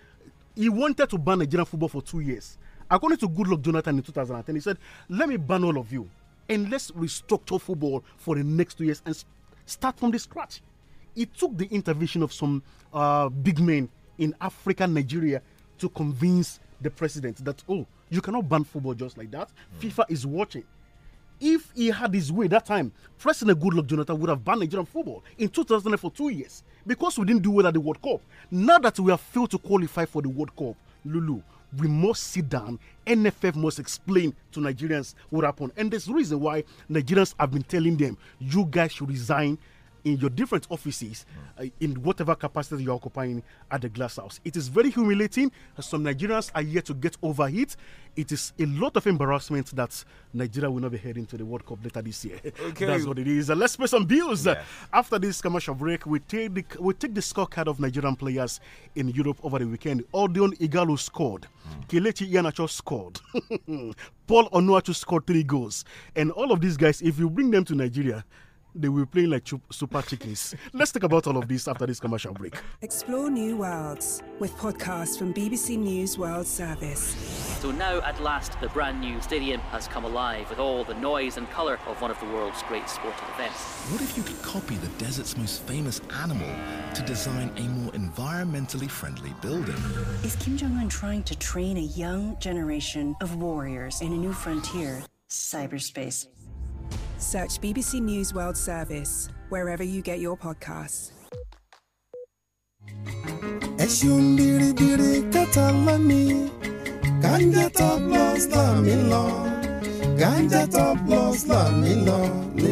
he wanted to ban Nigerian football for two years. According to Goodluck Jonathan in 2010, he said, "Let me ban all of you and let's restructure football for the next two years and start from the scratch." It took the intervention of some uh, big men in Africa, Nigeria, to convince the president that, oh, you cannot ban football just like that. Mm. FIFA is watching. If he had his way that time, President Goodluck Jonathan would have banned Nigerian football in 2004 for two years because we didn't do well at the World Cup. Now that we have failed to qualify for the World Cup, Lulu, we must sit down. NFF must explain to Nigerians what happened. And there's a reason why Nigerians have been telling them, you guys should resign in your different offices uh, in whatever capacity you're occupying at the glass house. It is very humiliating. Some Nigerians are yet to get over it. It is a lot of embarrassment that Nigeria will not be heading to the World Cup later this year. Okay. That's what it is. Uh, let's pay some bills. After this commercial break, we take the, we take the scorecard of Nigerian players in Europe over the weekend. Odion Igalo scored. Mm. Kelechi Iheanacho scored. Paul Onuachu scored three goals. And all of these guys, if you bring them to Nigeria, they will play like super chickens. Let's talk about all of this after this commercial break. Explore new worlds with podcasts from BBC News World Service. So now, at last, the brand new stadium has come alive with all the noise and colour of one of the world's great sporting events. What if you could copy the desert's most famous animal to design a more environmentally friendly building? Is Kim Jong un trying to train a young generation of warriors in a new frontier, cyberspace? Search BBC News World Service wherever you get your podcasts. ganja top loss là mí lọ ganja top loss là mí lọ ní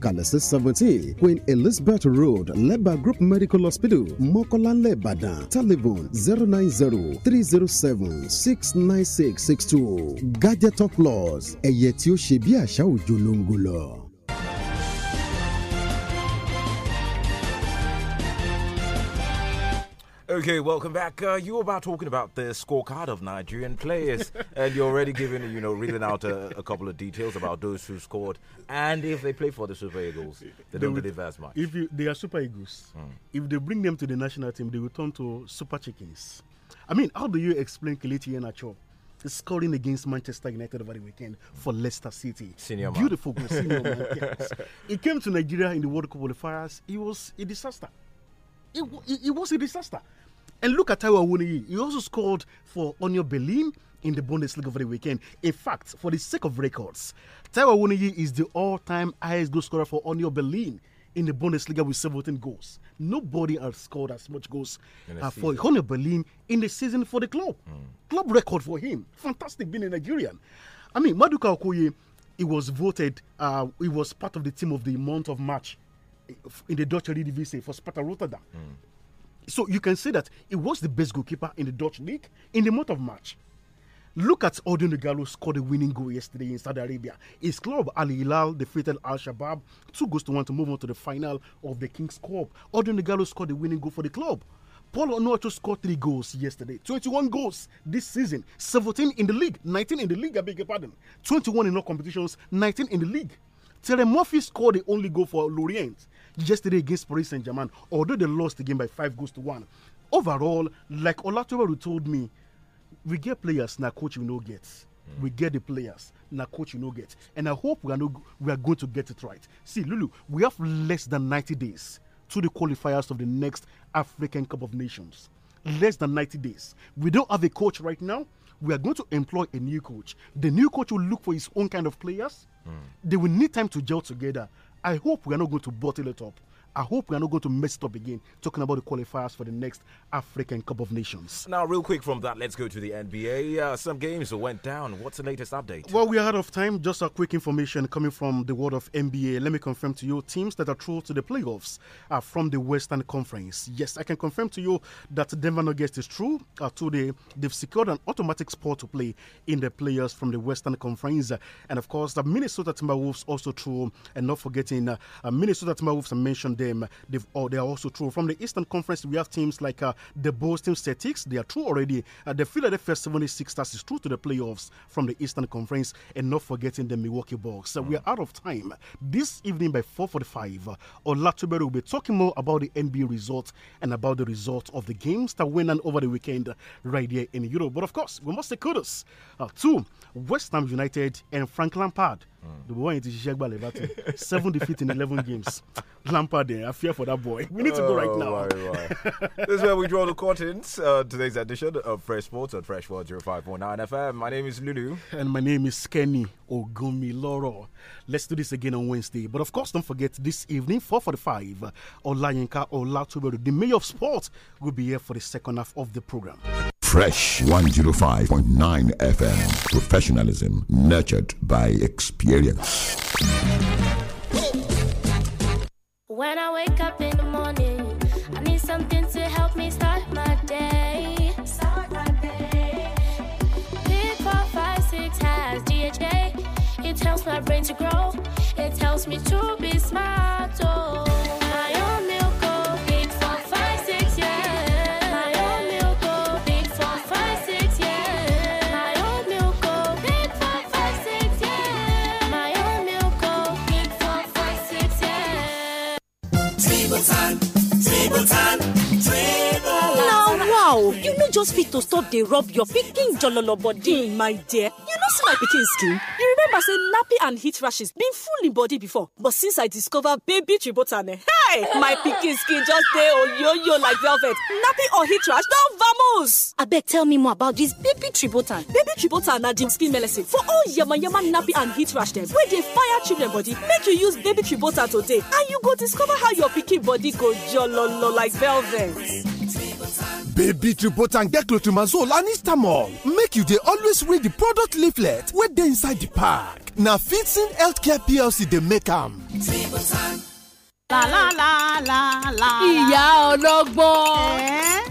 ìkàlẹ̀ sí seventeen Queen Elizabeth Road Leba Group Medical Hospital Mọ́kọ́lá Ìbàdàn telephone zero nine zero three zero seven six nine six six two Gadget Top Plus ẹ̀yẹ tí ó ṣe bí àṣà òjò ló ń gò lọ. Okay, welcome back. Uh, you were about talking about the scorecard of Nigerian players, and you're already giving, you know, reeling out a, a, couple of details about those who scored and if they play for the Super Eagles. They, they don't would, deliver as much. If you, they are Super Eagles, mm. if they bring them to the national team, they will turn to Super Chickens. I mean, how do you explain Kelechi Iheanacho? scoring against Manchester United over the weekend for Leicester City. Senior man. Beautiful goal, senior man. Yes. He came to Nigeria in the World Cup qualifiers. It was a disaster. It, it, it was a disaster. And look at Taiwo Awuniyi. He also scored for Onyo Berlin in the Bundesliga over the weekend. In fact, for the sake of records, Taiwo Awuniyi is the all-time highest goal scorer for Onyo Berlin in the Bundesliga with 17 goals. Nobody has scored as much goals uh, for Onyo Berlin in the season for the club. Mm. Club record for him. Fantastic being a Nigerian. I mean, Maduka Okoye, he was voted, uh, he was part of the team of the month of March eh, in the Dutch Eredivisie for Sparta Rotterdam. Mm. So you can say that he was the best goalkeeper in the Dutch league in the month of March. Look at Odin Gallo scored a winning goal yesterday in Saudi Arabia. His club Al Hilal defeated Al Shabab two goals to one to move on to the final of the Kings Cup. Odin Gallo scored a winning goal for the club. Paul Onuachu scored three goals yesterday. 21 goals this season. 17 in the league, 19 in the league. I beg your pardon. 21 in all competitions, 19 in the league. Terry Murphy scored the only goal for Lorient yesterday against Paris Saint Germain, although they lost the game by five goals to one. Overall, like Olatobaru told me, we get players now, coach, you know, gets. Mm. We get the players now, coach, you know, get. And I hope we are, no, we are going to get it right. See, Lulu, we have less than 90 days to the qualifiers of the next African Cup of Nations. Less than 90 days. We don't have a coach right now we are going to employ a new coach. The new coach will look for his own kind of players. Mm. They will need time to gel together. I hope we are not going to bottle it up. I hope we are not going to mess it up again, talking about the qualifiers for the next African Cup of Nations. Now, real quick from that, let's go to the NBA. Uh, some games went down. What's the latest update? Well, we're out of time. Just a quick information coming from the world of NBA. Let me confirm to you teams that are through to the playoffs are from the Western Conference. Yes, I can confirm to you that Denver Nuggets is true. Uh, today, they've secured an automatic spot to play in the players from the Western Conference. And of course, the Minnesota Timberwolves also true. And not forgetting, uh, Minnesota Timberwolves, I mentioned them. They've, oh, they are also true. From the Eastern Conference, we have teams like uh, the Boston Celtics. They are true already. Uh, the Philadelphia 76ers is true to the playoffs from the Eastern Conference. And not forgetting the Milwaukee Bucks. Mm. We are out of time. This evening by 4.45, Olatubere will be talking more about the NBA results and about the results of the games that went on over the weekend right here in Europe. But of course, we must say kudos uh, to West Ham United and Frank Lampard Mm. The boy is Tishegba Leverton, seven defeats in 11 games. Lampard there, I fear for that boy. We need to go right oh, now. this is where we draw the curtains. Uh, today's edition of Fresh Sports at Fresh World 0519 FM. My name is Lulu. And my name is Kenny Ogumiloro. Let's do this again on Wednesday. But of course, don't forget this evening, 4.45, uh, or Olatubero, the mayor of sport, will be here for the second half of the program. Fresh 105.9 FM. Professionalism nurtured by experience. When I wake up in the morning, I need something to help me start my day. Start my day. Pick four, five, six has DHA. It helps my brain to grow. It helps me to be smart. Oh. just fit to stop dey rub your pikin jololo body hmm, my dear you know see my pikin skin you remember say nappy and heat rashes been full im body before but since i discover baby tribotan hey my pikin skin just dey oyoyo like velvet nappy or heat rash don vamoose abeg tell me more about dis baby tribotan baby tribotan na di skin medicine for all yamayama nappy and heat rash dem wey dey fire children body make you use baby tribotan today and you go discover how your pikin body go jololo like velvet. baby tribute and get clotrimazole and istamol make you dey always read the product leaflet wey dey inside the pack na fitson healthcare plc dey make am ìyá ọlọ́gbọ́n eh?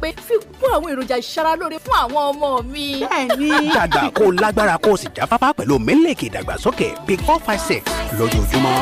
pé fi kún àwọn èròjà ìṣaralóore fún àwọn ọmọ mi. bẹ́ẹ̀ni. dàgbà kó lágbára kó o sì jáfáfá pẹ̀lú mílíkì ìdàgbàsókè big four five six lójoojúmọ́.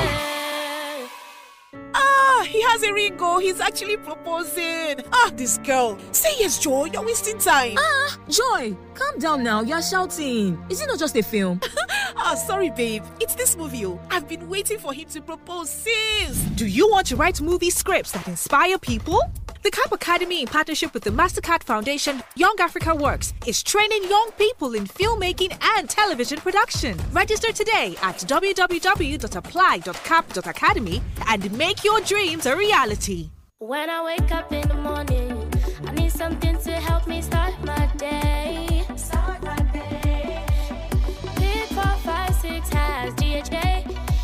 Ah, he has a ring, oh, he's actually proposing. Ah, this girl. Say yes, Joy, you're wasting time. Ah, Joy, calm down now, you're shouting. Is it not just a film? ah, sorry, babe. It's this movie, oh. I've been waiting for him to propose since. Do you want to write movie scripts that inspire people? The CAP Academy, in partnership with the MasterCard Foundation, Young Africa Works, is training young people in filmmaking and television production. Register today at www.apply.cap.academy and make your dreams a reality. When I wake up in the morning, I need something to help me start my day. Start my day. Pick four, five, six has DHA.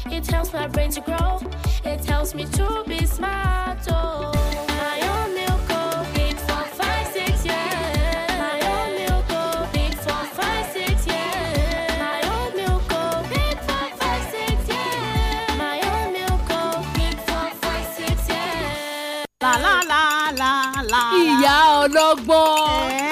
It helps my brain to grow. It helps me to be smart. Oh. ọlọ́gbọ́n.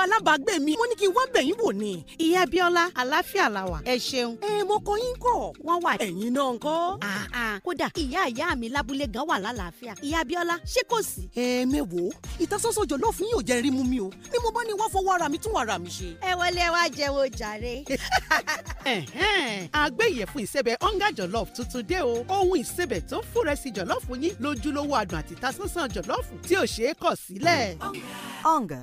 àwọn alábàágbé mi mo ní kí n wá bẹ̀yìn wò ni. ìyá Bíọ́lá àláfíà la wà ẹ ṣeun. ẹ mo kọ yín kọ wọn wà ẹ̀yin náà ńkọ́. kódà ìyá ìyá mi lábúlé gan wà lálàáfíà ìyá Bíọ́lá ṣé kò sí. ẹ mẹ́wòó ìtasọ́sọ́ jọ lọ́ọ̀fù yóò jẹ́ rímú mi o ni mo bá ní wá fọwọ́ ara mi tún ara mi ṣe. ẹ wọlé wá jẹun jàre. àgbẹ̀yẹ̀fun ìsẹ̀bẹ̀ ọ̀ngá jọ̀lọ́ọ̀fù tuntun dé o ohun ìsẹ̀bẹ̀ tó ń fúnrẹ́sì jọ̀lọ́ọ̀fù yín lójúlówó adùn àti ìtasọ́sọ́ jọ̀lọ́ọ̀fù tí ò ṣeé kọ̀ sílẹ̀. ọ̀ngá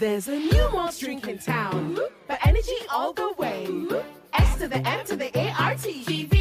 There's a new monster drink in town, but energy all the way. S to the M to the A R T G V.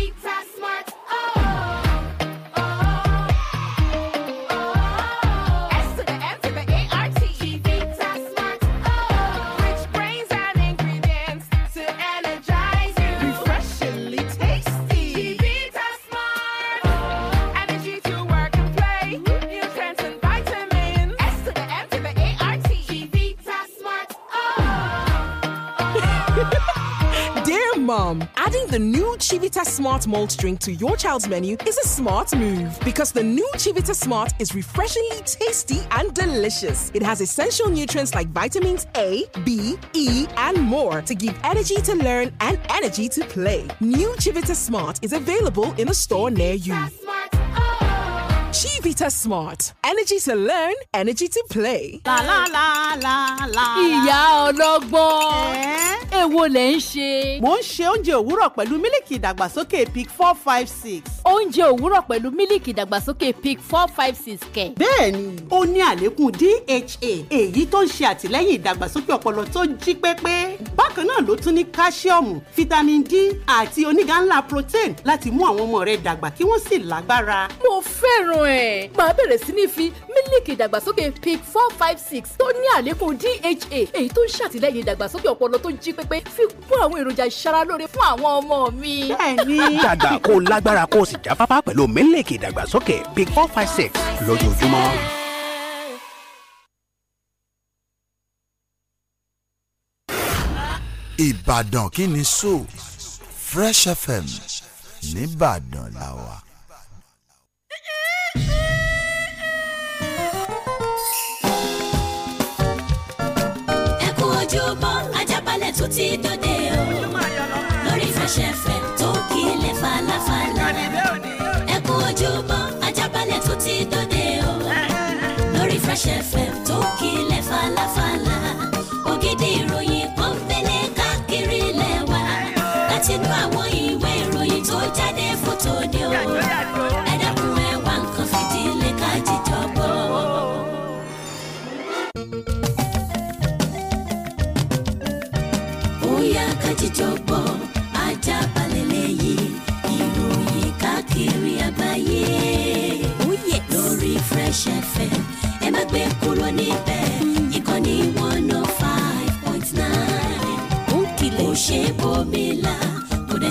the new Chivita Smart Malt drink to your child's menu is a smart move because the new Chivita Smart is refreshingly tasty and delicious. It has essential nutrients like vitamins A, B, E, and more to give energy to learn and energy to play. New Chivita Smart is available in a store near you. Chivita Smart. Energy to learn, energy to play. La la la la la. Ìyá ọlọ́gbọ́n. Eh? Èwo lẹ̀ ń ṣe? Mo ń ṣe oúnjẹ òwúrọ̀ pẹ̀lú mílìkì ìdàgbàsókè PIC four five six. Oúnjẹ òwúrọ̀ pẹ̀lú mílìkì ìdàgbàsókè PIC four five six kẹ̀. Bẹ́ẹ̀ni, ó ní àlékún DHA, èyí tó ń ṣe àtìlẹ́yìn ìdàgbàsókè ọpọlọ tó jí pépé. Bákan náà ló tún ní káṣíọ̀mù, fítámìn D àti onígànlá protein láti mú àwọn ọmọ rẹ dàgbà kí wọ́n sì lágbára. Mo fẹ́ràn nínú ẹ̀. máa bẹ̀rẹ̀ sí ní fi mílíkì ìdàgbàsókè pic four five six tó ní àlékún dha èyí tó ń ṣàtìlẹ́yìn ìdàgbàsókè ọpọlọ tó jí pépé fi kún àwọn èròjà ìṣaralóore fún àwọn ọmọ mi. bẹ́ẹ̀ni. dàgbà kó lágbára kó o sì jáfáfá pẹ̀lú mílíkì ìdàgbàsókè pic four five six lójoojúmọ́. Ìbàdàn kí ni sọ Fresh FM nìbàdàn làwà ẹ kú ojúbọ ajábalẹ̀ tó ti dòde o lórí fẹsẹ̀fẹ̀ tó kílẹ̀ falafala.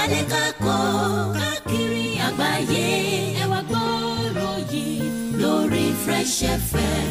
kálé kákó káàkiri àgbáyé ẹ wá gbọ́rọ̀ yìí lórí Fresh FM.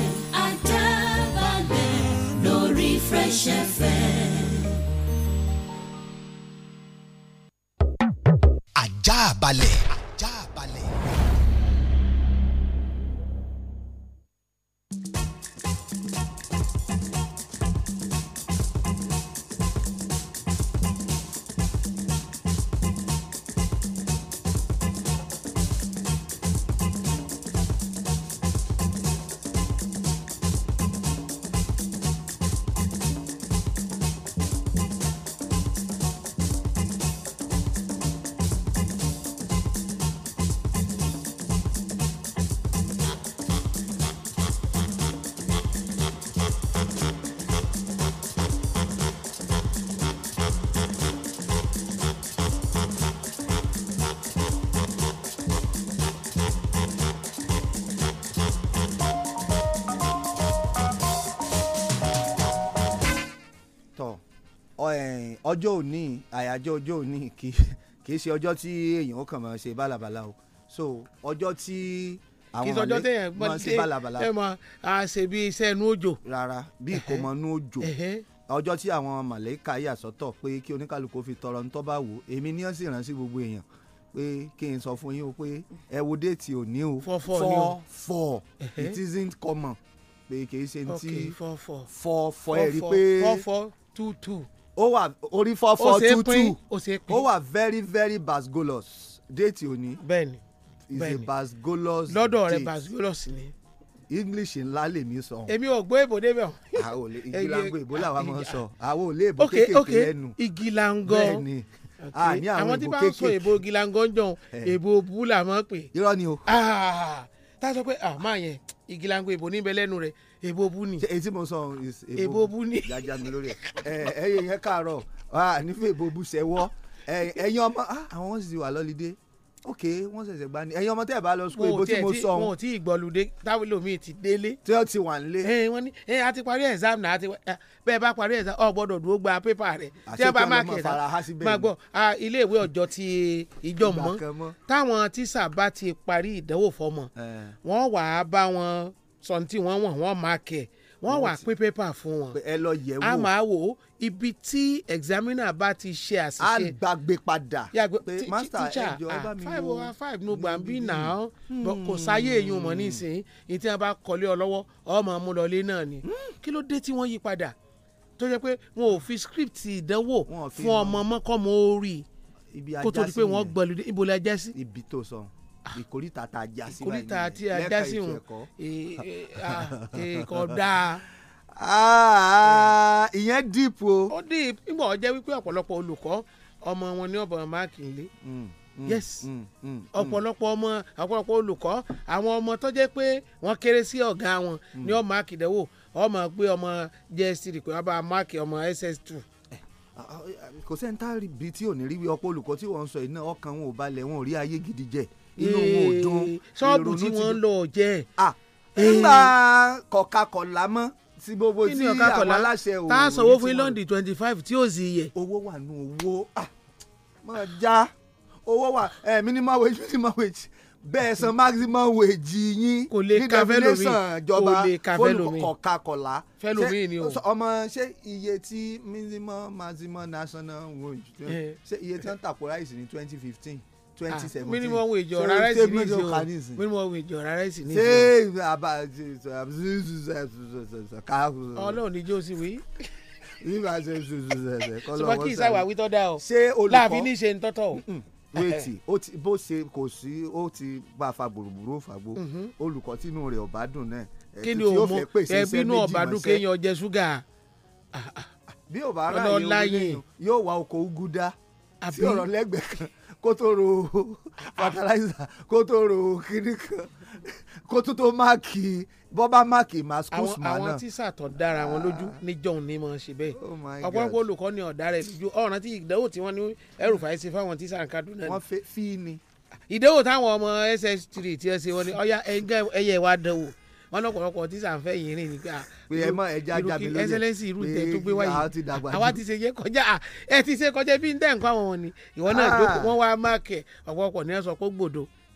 àyájọ́ ọjọ́ òní kì í ṣe ọjọ́ tí èèyàn ó kàn máa ṣe bálabàla o so ọjọ́ tí àwọn ọ̀lẹ́ máa ṣe bálabàla. ẹ máa a ṣe bí iṣẹ́ inú òjò. rárá bí ìkómọ inú òjò ọjọ́ tí àwọn màlẹ́kà yà pé kí oníkálukú fi tọrọ ní tọ́ba wò èmi ní ọ̀sìn ìrànṣẹ́ gbogbo èèyàn pé kí n sọ fún yín o pé ẹ wo déètì òní o four four ni o four it isn't common pé kì í ṣe ti four four four ẹ rí i pé four four two two ó wà orí four four two two ó wà very very basgolos déètì òní. bẹ́ẹ̀ni bẹ́ẹ̀ni is a basgolos date lọ́dọ̀ rẹ basgolos ni. english ńlá lèmi sọ. èmi ò gbọ́ èbò débẹ̀ o. a ò lè igi lango èbó làwa máa ń sọ àwọn ò lè èbó kéékèèké lẹ́nu. igi lango bẹ́ẹ̀ni àní àwọn èbó kéékèèké. àwọn tí bá ń sọ èbó igi lango ń jọun èbó búlà máa ń pè. irọ́ ni o. Ah, tá a sọ pé àmọ́ ah, yẹn igi lango èbó níbẹ̀ lẹ́nu rẹ̀ èbó bú ni. etí mo sọ is èbó bú ni. jaja mi lórí ẹ ẹ ẹyẹ yẹn kàárọ̀ nífẹ̀ẹ́ èbó bú sẹ́wọ́ ẹ̀yin ọmọ àwọn sì wà lọ́lídé ok wọ́n ṣẹ̀ṣẹ̀ gba ni ẹ̀yin ọmọ tẹ́ ẹ bá lọ sukú èbó tí mo sọ ohun. wọn ò tí ì gbọlùdé táwọn omi ti délé. tí ó ti wà nílé. ẹ wọn ní ẹ a ti parí exam náà bẹ́ẹ̀ bá parí exam ọ gbọ́dọ̀ dúró gba pépà rẹ tí ẹ bá má kẹta má gbọ́ ilé ìwé ọjọ́ ti ìjọ mọ táwọn tíṣà bá ti parí ìdánwò fọmọ wọn wàá bá wọn sọ ní tí wọ́n wọ̀n wọ́n máa kẹ̀ wọ́n wà pín pépà fún wọn ẹ lọ yẹ̀ wò a máa wò ibi tí examiner bá ti ṣe àṣìṣe a gbàgbé padà pé master ẹ ah, five over five ló gbà ń bí náà hmm. kò sáyé èyàn mọ̀ nísìnyí ìtí wọn bá kọ́lé ọ lọ́wọ́ ọmọ amúlọlé náà ni hmm. kí ló dé tí wọ́n yí padà tó jẹ́ pé wọn ò fi script ìdánwò fún ọmọ mọ́kànmọ́ orí kó tó di pé wọ́n gbọ́lódé ibo la jẹ́ sí. ibi tó sọ ìkórìtà tá a já sí báyìí ìkórìtà tí a já sí òun eh, eh, ah, eh, kò dáa. Ah, ah, ìyẹn deep o. ó deep nígbà ó jẹ́ wípé ọ̀pọ̀lọpọ̀ olùkọ́ ọmọ wọn ní ọ̀bọ̀n máàkì ńlẹ̀ mm, mm, yes mm, ọ̀pọ̀lọpọ̀ ọmọ ọ̀pọ̀lọpọ̀ olùkọ́ àwọn ọmọ tó jẹ́ pé wọ́n kéré sí ọ̀gá wọn ní ọmọ akídẹ́wò ọmọ gbé ọmọ jst pé wọ́n bá máàkì ọmọ ss2. kò sẹ́ńtárì bíi tí ò ní rí wí ọ̀pọ̀ olùkọ́ tí wọ́n ń sọ yìí ọkàn wọn ò balẹ̀ wọn ò rí ayé gidi jẹ́ inú eh, wọn ò ṣọ́ọ̀bù tí wọ́n lọ jẹ́. Eh. nígbà kọ̀kakọ̀lá mọ́ tí gbogbo tí àwọn aláṣẹ òun. tá a sanwó fún lọ́ndì twenty five tí ó sì yẹ. owó wà nù owó máa já owó wà eh, minimum wage minimum wage bẹ́ẹ̀ san maximum wage yín ní definition ìjọba fólùkọ̀kakọ̀lá fẹlòmíì ni o. ọmọ ṣé iye tí minimum maximum national wage ṣé iye tí wọ́n tàkó ráìsì ní twenty fifteen twenty ah, seventeen. minimum wage ọ̀rá rẹ́sì ní ìsìn o minimum wage ọ̀rá rẹ́sì ní ìsìn o. ṣé àbá ọlọ́run ní jósì wí. nígbà tó ṣe ṣe ṣe ṣe kọ́ lọ́wọ́ sọ. sọ́kì ìsáwà wí tọ́ da o láàfin ní ṣe ń tọ́tọ̀ o. wéètì bó ṣe kò sí ó ti bá a fa gbòrògbòrò fàgbó mm-hmm. olùkọ́ tínú rẹ̀ ọ̀bá dùn náà kí ni o mọ ẹbí náà ọbàdún kéèyàn jẹ ṣúgà. bí ò bá ráyè yóò wá oko ugu dá sí ọ̀rọ̀ lẹ́gbẹ̀ẹ́ kan kó tó ro fertilizer kó tó ro kiri kan kó tó tó máàkì bọ́bá máàkì máa school man náà. àwọn tíṣà tó dára wọn lójú ah. níjọ́un ni mo ṣe bẹ́ẹ̀ oh ọ̀pọ̀lọpọ̀ olùkọ́ ni ọ̀dà rẹ̀ lójú ọ̀ràn tí ìdánwò tí wọ́n ní ẹrù fàáyé fáwọn tíṣà ń Kaduna ni. wọ́n fi ní. ìdánwò táwọn ọmọ ss3 ti ẹ ṣe wọn ni ọ̀ya ẹ̀yẹ wa dánwò wọn lọ́pọ̀lọpọ̀ tíṣà ń fẹ́ yìí rìn ní pé ah, ẹsẹlẹsì irú tẹ tó gbé wáyé àwa ti ṣe yẹ kọjá ah, ẹ ti ṣe kọjá bí ń tẹ̀ ń kọ́ àwọn wọn ni ìwọ náà ah. wọn wá máàkì ọ̀pọ̀lọpọ̀ ní ẹ sọ pé gbòdo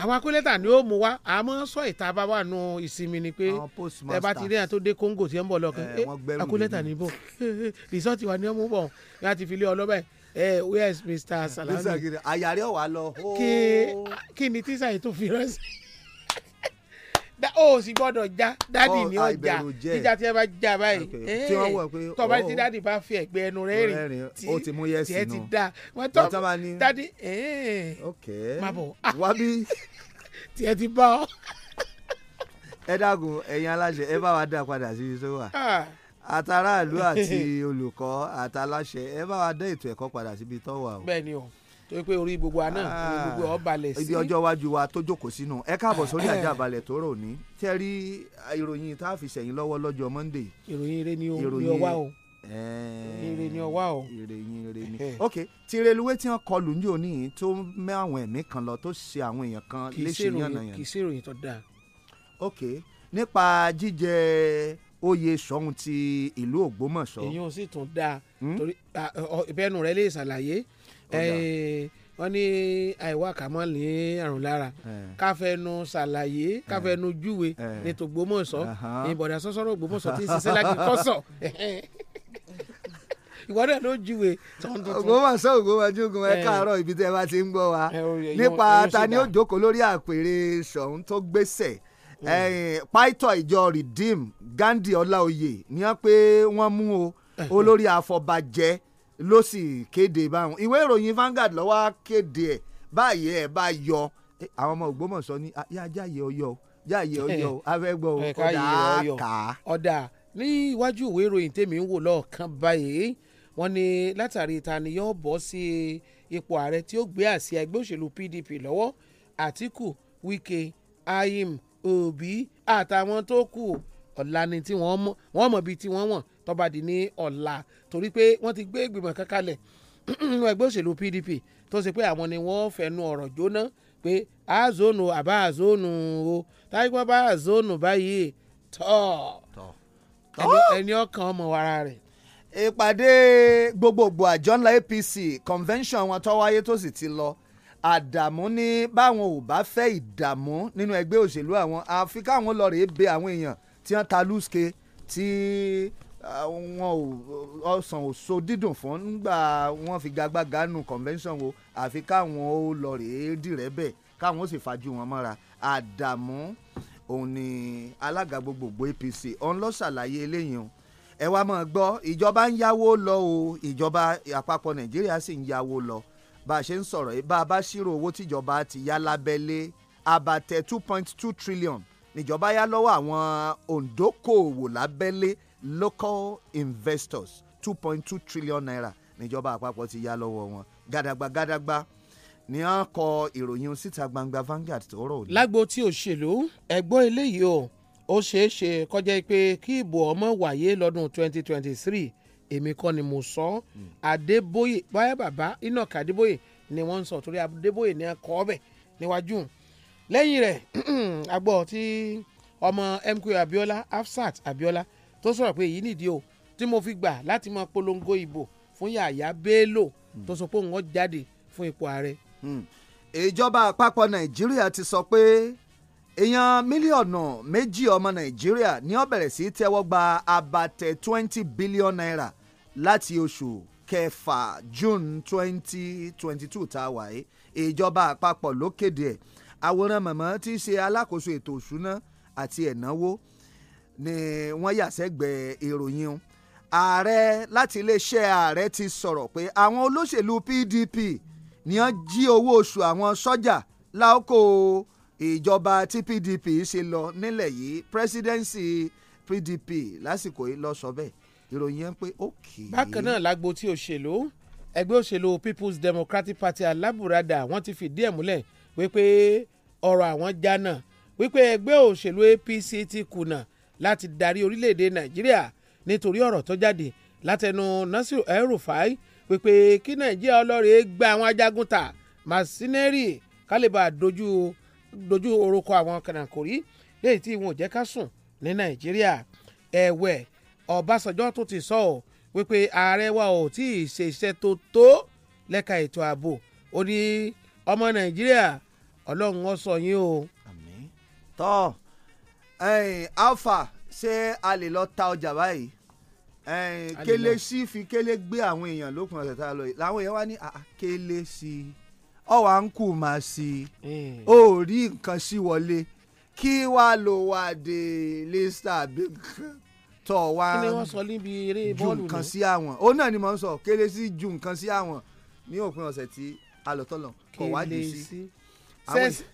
àwọn akúlẹ́tà ni ó mú wa àmọ́ sọ ìta bá wà nù ìsinmi ni pé ẹ bá ti rí àwọn tó dé Congo tí ẹ ń bọ̀ lọ́kàn ẹ akúlẹ́tà ní bọ̀ rìsọ́ọ̀tì wa ni wọ́n mú bọ̀ ẹ àti fi lé ọ lọ́bẹ̀ ẹ eh, where is Mr. Salami. àyàrí ọ̀wà lọ. Oh. kí ni tíṣà yìí tó fi rẹ́ o sì gbọ́dọ̀ já dádì ni ó já jíjà tí ẹ bá já báyìí tọba eh, tí oh, oh. dádì bá fi ẹ̀gbẹ́ ẹnu rẹ̀ rìn tí ẹ ti da wọn tọ dádì eh, má bọ tí ẹ ti bá ọ. ẹ dákun ẹ̀yin aláṣẹ ẹ bá wa dá padà sí iṣẹ́ wa ah. àtàràlú àti olùkọ́ àtàláṣẹ ẹ bá wa dá ètò ẹ̀kọ́ padà síbi tọ́wà o. bẹ́ẹ̀ni o tó pé orí gbogbo àná orí gbogbo ọbalẹ̀ ah, sí. ibi ọjọ́ iwájú wa tó jókòó sínú ẹ káàbọ̀ sórí àjàbalẹ̀ tó rò ní tẹ́ rí ah, ìròyìn tá a fi sẹ́yìn lọ́wọ́ lọ́jọ́ Monday. ìròyìn eré ni ọwá o ire ni ọwá o. ire yin ni ok ti reluwé tí wọn kọlù ní òní yìí tó mẹ àwọn ẹ̀mí kan lọ tó ṣe àwọn èèyàn kan léṣe yànnàyàn. kì í ṣe ìròyìn tó dáa. ok nípa jíjẹ oyè sọ́hun ti ìlú Ògbómọ̀ṣọ́. èyí ò sì tún dáa hmm? torí ah, ìbẹ́nu rẹ lè ṣàlàyé wọ́n ní àìwá kàmọ́ ní àrùn lára káfẹ́nu ṣàlàyé káfẹ́nu júwe ní tògbómọ̀ṣọ́ ìbọ̀dà sọ́sọ́rọ̀ ògbómọ̀ṣọ́ tí ń ṣiṣẹ́ láti kọ́sọ̀ ìwọ náà ló júwe tọ́hún tuntun. ẹ káàárọ̀ ibi tẹ́ ẹ bá ti ń gbọ́ wa nípa ta ni ó jókòó lórí àpèrè ṣọ̀ún tó gbèsè mm. pító ìjọ redeem gandhi ọláoyè ni wọ́n pé wọ́n mú o olórí àfọ̀bàjẹ́ ló sì kéde báwọn ìwé ìròyìn Vanguard ló wá kéde ẹ̀ báyìí ẹ̀ bá yọ àwọn ọmọ Ògbómọ̀ṣọ́ ní yájáyé ọyọ jáyé ọyọ afẹ́gbọ́ ọ̀dà kà á. ọ̀dà ní iwájú ìwé ìròyìn tèmi ń wò lọ́ọ̀kan báyìí wọ́n ní látàrí ìtaniyàn bọ́ sí ipò ààrẹ tí ó gbé àsíá ẹgbẹ́ òṣèlú PDP lọ́wọ́ Àtíkù Wike Ayim Obi àtàwọn tó kù ọ̀la ni tí wọ́n mọ̀ bíi tí wọ́n wọ̀n tó bá di ní ọ̀la torí pé wọ́n ti gbé ìgbìmọ̀ kan kalẹ̀ nínú ẹgbẹ́ òṣèlú PDP tó ṣe pé àwọn ni wọ́n fẹnu ọ̀rọ̀ jóná pé a zónù àbá a zónù o táyìpá bá a zónù báyìí tọ́ ẹni ọkàn ọmọ wàrà rẹ̀. ìpàdé gbogbogbò àjọ ńlá APC convention wọn tó wáyé tó sì ti lọ àdàmú ní báwọn ò bá fẹ́ ìdààmú nínú ẹgbẹ́ òṣèlú àwọn àfi káwọn lọ rèé bẹ àwọn èèyàn tí wọ́n ta lùsùkè tí wọn ò ọsàn ò so dídùn fún nígbà wọn fi gagbága nù convention wo àfi káwọn ó lọ rèé dìrẹ́ bẹ̀ káwọn ó sì fajú wọn mọ́ra àdàmú òun ni alága gbogbogbò APC òun ló ṣàlàyé eléyìí o ẹ wá máa gbọ́ ìjọba ń yáwó lọ o ìjọba àpapọ̀ Nàìjíríà sì ń yáwó lọ bá a ṣe ń sọ̀rọ̀ yìí bá a bá ṣírò owó tíjọba ti yá lábẹ́lé àbàtẹ̀ two point two trillion níjọba yá lọ́wọ́ àwọn òǹdókòòwò lábẹ́lé local investors two point two trillion naira níjọba àpapọ̀ ti yá lọ́wọ́ wọn gàdàgbà gàdàgbà ni a kọ ìròyìn síta gbangba Vanguard tó rò. lágbo tí òṣèlú ẹ̀gbọ́n eléyìí o ó ṣeé ṣe kọjá pé kí ìbò ọmọ wáyé lọ́dún twenty twenty three èmi kọ́ ni mo sọ hmm. Adébóyè báyà bàbá Enoch Adébóyè ni wọ́n ń sọ torí Adébóyè ni a kọ́ ọbẹ̀ níwájú lẹ́yìn rẹ̀ àgbọ̀ tí ọmọ MQ Abiola Afsat Abiola tó sọ̀rọ̀ pé èyí nìdí o tí mo fi gbà láti máa polongo ìbò fún Yàyà Bello tó sọ pé òun ó jáde fún ipò ààrẹ. Hmm. ìjọba àpapọ̀ Nàìjíríà ti sọ pé èèyàn mílíọ̀nù méjì ọmọ Nàìjíríà ni ó bẹ̀rẹ̀ sí tẹ́wọ́ gba abatẹ twenty billion naira láti oṣù kẹfà June twenty twenty two tá a wà yìí ìjọba àpapọ̀ ló kéde ẹ̀ àwòrán mọ̀mọ́ tí í ṣe alákòóso ètò òṣùná àti ẹ̀náwó e ni wọ́n yà sẹ́gbẹ̀ẹ́ ìròyìn o ààrẹ láti iléeṣẹ́ ààrẹ ti sọ̀rọ̀ pé àwọn olóṣèlú PDP ni wọ́n jí owó oṣù àwọn sọ́jà láòkó ìjọba tí PDP ṣe lọ nílẹ̀ yìí presidency PDP lásìkò yìí lọ sọ bẹ́ẹ̀ ìròyìn yẹn pé ok. bákan náà lágbo tí òṣèlú ẹgbẹ́ òṣèlú People's Democratic Party alaburada, wọ́n ti fìdí ẹ̀ múlẹ̀ wípé ọ̀rọ̀ àwọn jánà wípé ẹgbẹ́ òṣèlú APC ti kùnà láti darí orílẹ̀-èdè nàìjíríà nítorí ọ̀rọ̀ tó jáde látẹnu nasiru el-rufai pípé kí nàìjíríà ọlọ́rẹ̀ gba àwọn ajagun ta masineri kálíbà dojú dojú orúkọ àwọn kànáńkórí léyìí tí wọn ò jẹ́ ká sùn ní nàìjíríà ẹ̀wẹ̀ ọ̀básọjọ́ tó ti sọ ọ́ wípé ààrẹ wa ò tí ì ṣe iṣẹ́ tó tó lẹ́ka ètò ààbò ó ní ọmọ nàìjíríà ọlọ́run ó ṣọ́ yín o. àmín tọ́ alpha ṣé a lè lọ ta ọjà báyìí kélé sí fi kélé gbé àwọn èèyàn lókun ọ̀sẹ̀ tá a lọ yìí làwọn èèyàn wá ní kélé sí ọwọ́ à ń kù máa sí ó rí nǹkan sí wọlé kí wàá lò wá dé lista bíkan tọ̀ wá ju nǹkan sí àwọn òun náà ni mò ń sọ kélé sí ju nǹkan sí àwọn ní òpin ọ̀sẹ̀ tí a lọ tọ̀lọ̀ kọ̀ wá dé sí.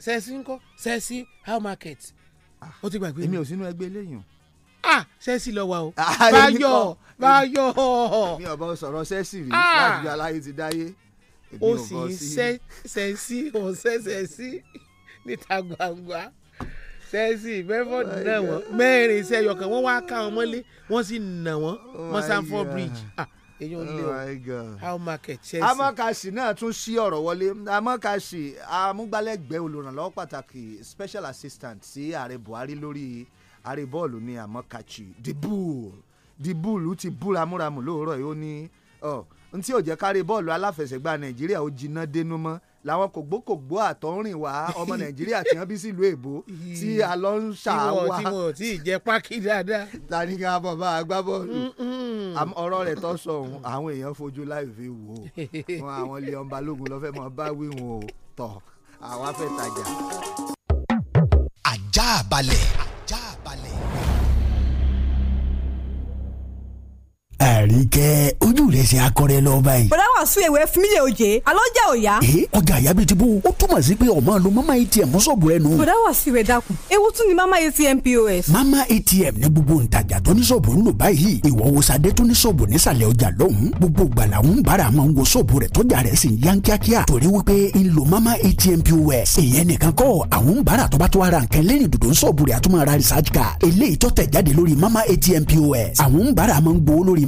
sẹ́ẹ̀sì ń kọ́ sẹ́ẹ̀sì how market ó ti gbàgbé èmi ò sínú ẹgbẹ́ eléyìí ah sẹ́ẹ̀sì lọ wa o báyọ̀ báyọ̀. mi ò bá sọ̀rọ̀ sẹ́ẹ̀sì rí ah. láti aláyé ti dáyé. ó sì ń sẹ́ẹ̀sì ó ń sẹ́ẹ̀sì níta gbangba sẹ́ẹ̀sì oh mẹ́fọ̀dù náà wọ́n mẹ́rin sẹ́yọkàn wọ́n wá ká wọn mọ́lé wọ́n sì nà wọ́n mọ́sáfọ́ oh bridge. Ah èyàn oh lé o how market chelsea. amọ́kàsì náà tún sí ọ̀rọ̀ wọlé amọ́kàsì amúgbálẹ́gbẹ̀ẹ́ olùrànlọ́wọ́ pàtàkì special assistant sí ààrẹ buhari lórí ààrẹ bọ́ọ̀lù ní amọ́kàsì the bull the bull ti bull ramúramù lóòrọ̀ yìí ó ní ọ̀ ntí ò jẹ́ kárí bọ́ọ̀lù aláfẹsẹ̀gbá nàìjíríà ó jiná dénú mọ́ làwọn kògbókògbó àtọ́rìn wá ọmọ nàìjíríà tí wọ́n bí sílùú èbó tí a lọ ń ṣàwà. tí wọn ò tí ì jẹ pákí dáadáa. ta ká bọ̀ bá ọ̀rọ̀ rẹ̀ tó sọ ohun àwọn èèyàn fojú láìfi wò ó wọn àwọn Leon Balogun lọ́fẹ́ mọ́ bá wí wọn tọ̀ àwa fẹ́ tajà. ajá balẹ̀. ajá balẹ̀. àríkẹ́ ojú rẹ̀ ṣe akọrẹ lọ báyìí. bọ̀dá wà sún ewé fún mi lè oje alọ́ jẹ́ òya. ee ọjà àyà bíi ti bó o túmọ̀ sí pé ọmọ lo mama atm sọ̀bù ẹnu. bọ̀dá wà sí ìwé dákun ewu tún ni mama atm pos. mama atm ní gbogbo ntajà tó ní sọ̀bù ń lò báyìí ìwọ wo sadé tó ní sọ̀bù nísàlẹ̀ ọjà lọ́hùn gbogbo gbala ń bára máa ń wo sọ̀bù rẹ̀ tọ́jà rẹ̀ sì ń yan kíákíá torí wípé ń lo mama atm pos. èèyàn nìkan kọ́ àwọn ń bára tó bá tó ara nǹkan lẹ́yìn dòdò ń sọ̀bù rẹ̀ àtúmọ̀ ara research eléyìí tó tẹ̀ jáde lórí mama atm pos. àwọn ń bára máa ń gbowó lórí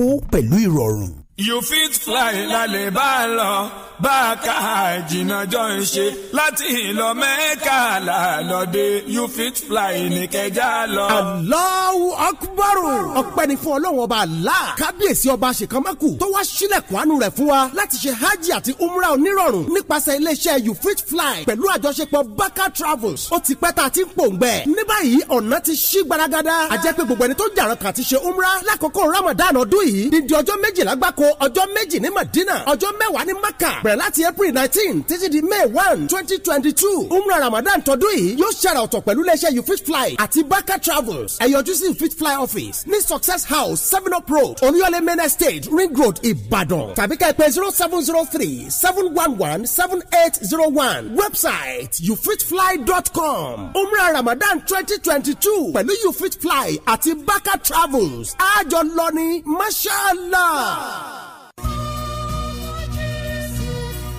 owó pẹ̀lú ìrọ̀rùn you fit fly lálẹ́ bá a lọ bá a ká jìnnà jọ ń ṣe láti ìlọ mẹ́ka làlọ́dẹ you fit fly ní kẹjá lọ. Allahu Akbar ọpẹ́ ni fún ọlọ́run ọba Allah kábíyèsí ọba àṣekánmẹ́kù tó wá sílẹ̀kùn àánú rẹ̀ fún wa láti ṣe hajj àti umrah onírọ̀rùn nípasẹ̀ iléeṣẹ́ you fit fly pẹ̀lú àjọṣepọ̀ baka travels ó ti pẹ́ tá a ti ń pòǹgbẹ̀ ní báyìí ọ̀nà ti ṣí gbaragada àjẹpẹ́ gbogbo ẹni tó jàrọ̀ kà ti ṣe umrah lákòókò Ramadan ọdún yìí ní di ọjọ́ gbogbo ọjọ́ méjì ní Madina ọjọ́ mẹ́wàá ní Maka bẹ̀rẹ̀ láti April nineteen títí di May one twenty twenty two umra Ramadan tọdún yìí yóò ṣàrà ọ̀tọ̀ pẹ̀lú iléeṣẹ́ you fit fly àti Baka travels ẹ̀yọjú sí you fit fly office ní Success House seven up road Oníyọ̀lé main estate Ring Road Ìbàdàn tàbí ká ẹ zero seven zero three seven one one seven eight zero one website youfitfly.com umra Ramadan twenty twenty two pẹ̀lú you fit fly àti Baka travels àjọ masha Allah. mashallah.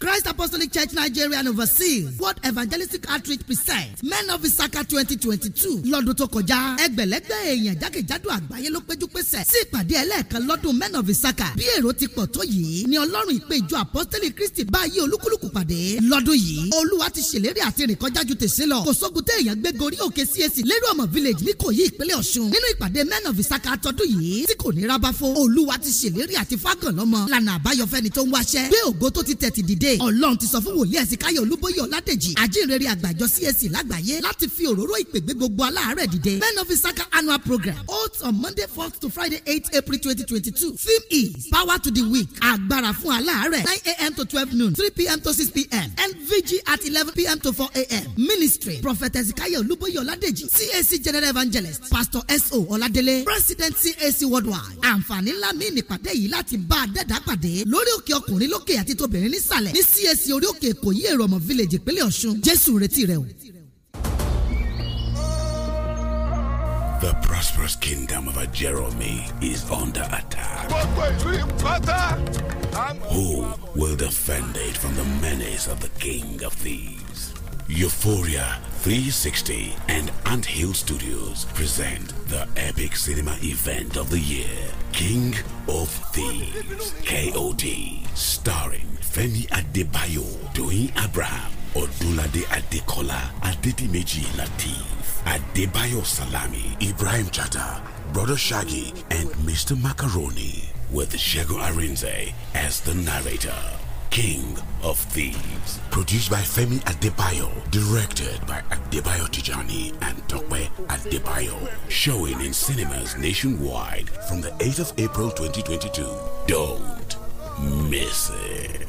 Christ Apostolic Church Nigeria and overseas World Evangelistic Outreach Presents Men of Isaka 2022. twenty two lọ́dún tó kọjá ẹgbẹ̀lẹ́gbẹ̀ èèyàn jákèjádò àgbáyé ló péjú pésẹ̀ sí ìpàdé ẹlẹ́ẹ̀kan lọ́dún Men of Isaka bí èrò ti pọ̀ tó yìí ni Ọlọ́run ìpè ìjọ Apostolic Christi báyìí olúkúlùkù pàdé lọ́dún yìí Olúwa ti ṣèlérí àti rìn kọjá ju tèsí lọ kò sógun tẹ èèyàn gbé gorí òkè CAC lérí ọmọ village ní kòyí ìpínlẹ̀ Ọ̀ṣun nínú ìpàdé Men of Isaka tọdún yìí tí kò ní rábáfó Olúwa ti ṣèlérí àti fágànlọ́mọ lànà àbáyọ fẹ́ni tó ń wáṣẹ́ gbé ògo tó ti tẹ̀tì dìde ọlọ́run ti sọ fún wòlíì ẹ̀sìn káyọ̀ olúbóyè ọ̀ládèjì àjíǹrere àgbàjọ CAC e lágbàáyé láti fi òróró ìpègbè gbogbo aláàárẹ̀ dìde men of isaka annual program holds on monday fourth to friday eight april twenty twenty two theme is power to the weak agbára fún aláàárẹ̀ nine a.m. to twelve noon three p.m. to six p.m. nvg at eleven p.m. to four a.m. ministry prophet ẹ̀sìnkáyọ̀ olúbóyè ọ̀ládèjì CAC e general evangelist pastor S.O. ọ̀ládélé president CAC worldwide àǹfààní ńlá mi nípàdé yìí láti bá a dẹ́dàá pàdé lórí òkè ọkùnrin lókè àti tóbìnrin nísàlẹ̀ ní csc orí òkè èkó yí èrò ọmọ village ìpínlẹ̀ ọ̀ṣun jésù retí rẹ o. The prosperous kingdom of a Jeremy is under attack. Who will defend it from the menace of the king of thieves? Euphoria 360 and Ant Hill Studios present the epic cinema event of the year, King of Thieves, KOD, starring Fẹ́mi Adébáyò Doyin Abraham Ọdúnládé Adékọ́lá Adédìméjì Latif Adébáyò Salami Ibrahim Chata Brother Shaggy and Mr. Macaroni with Shego Arinze as the narrator. King of Thieves. Produced by Femi Adebayo. Directed by Adebayo Tijani and Tokwe Adebayo. Showing in cinemas nationwide from the 8th of April 2022. Don't miss it.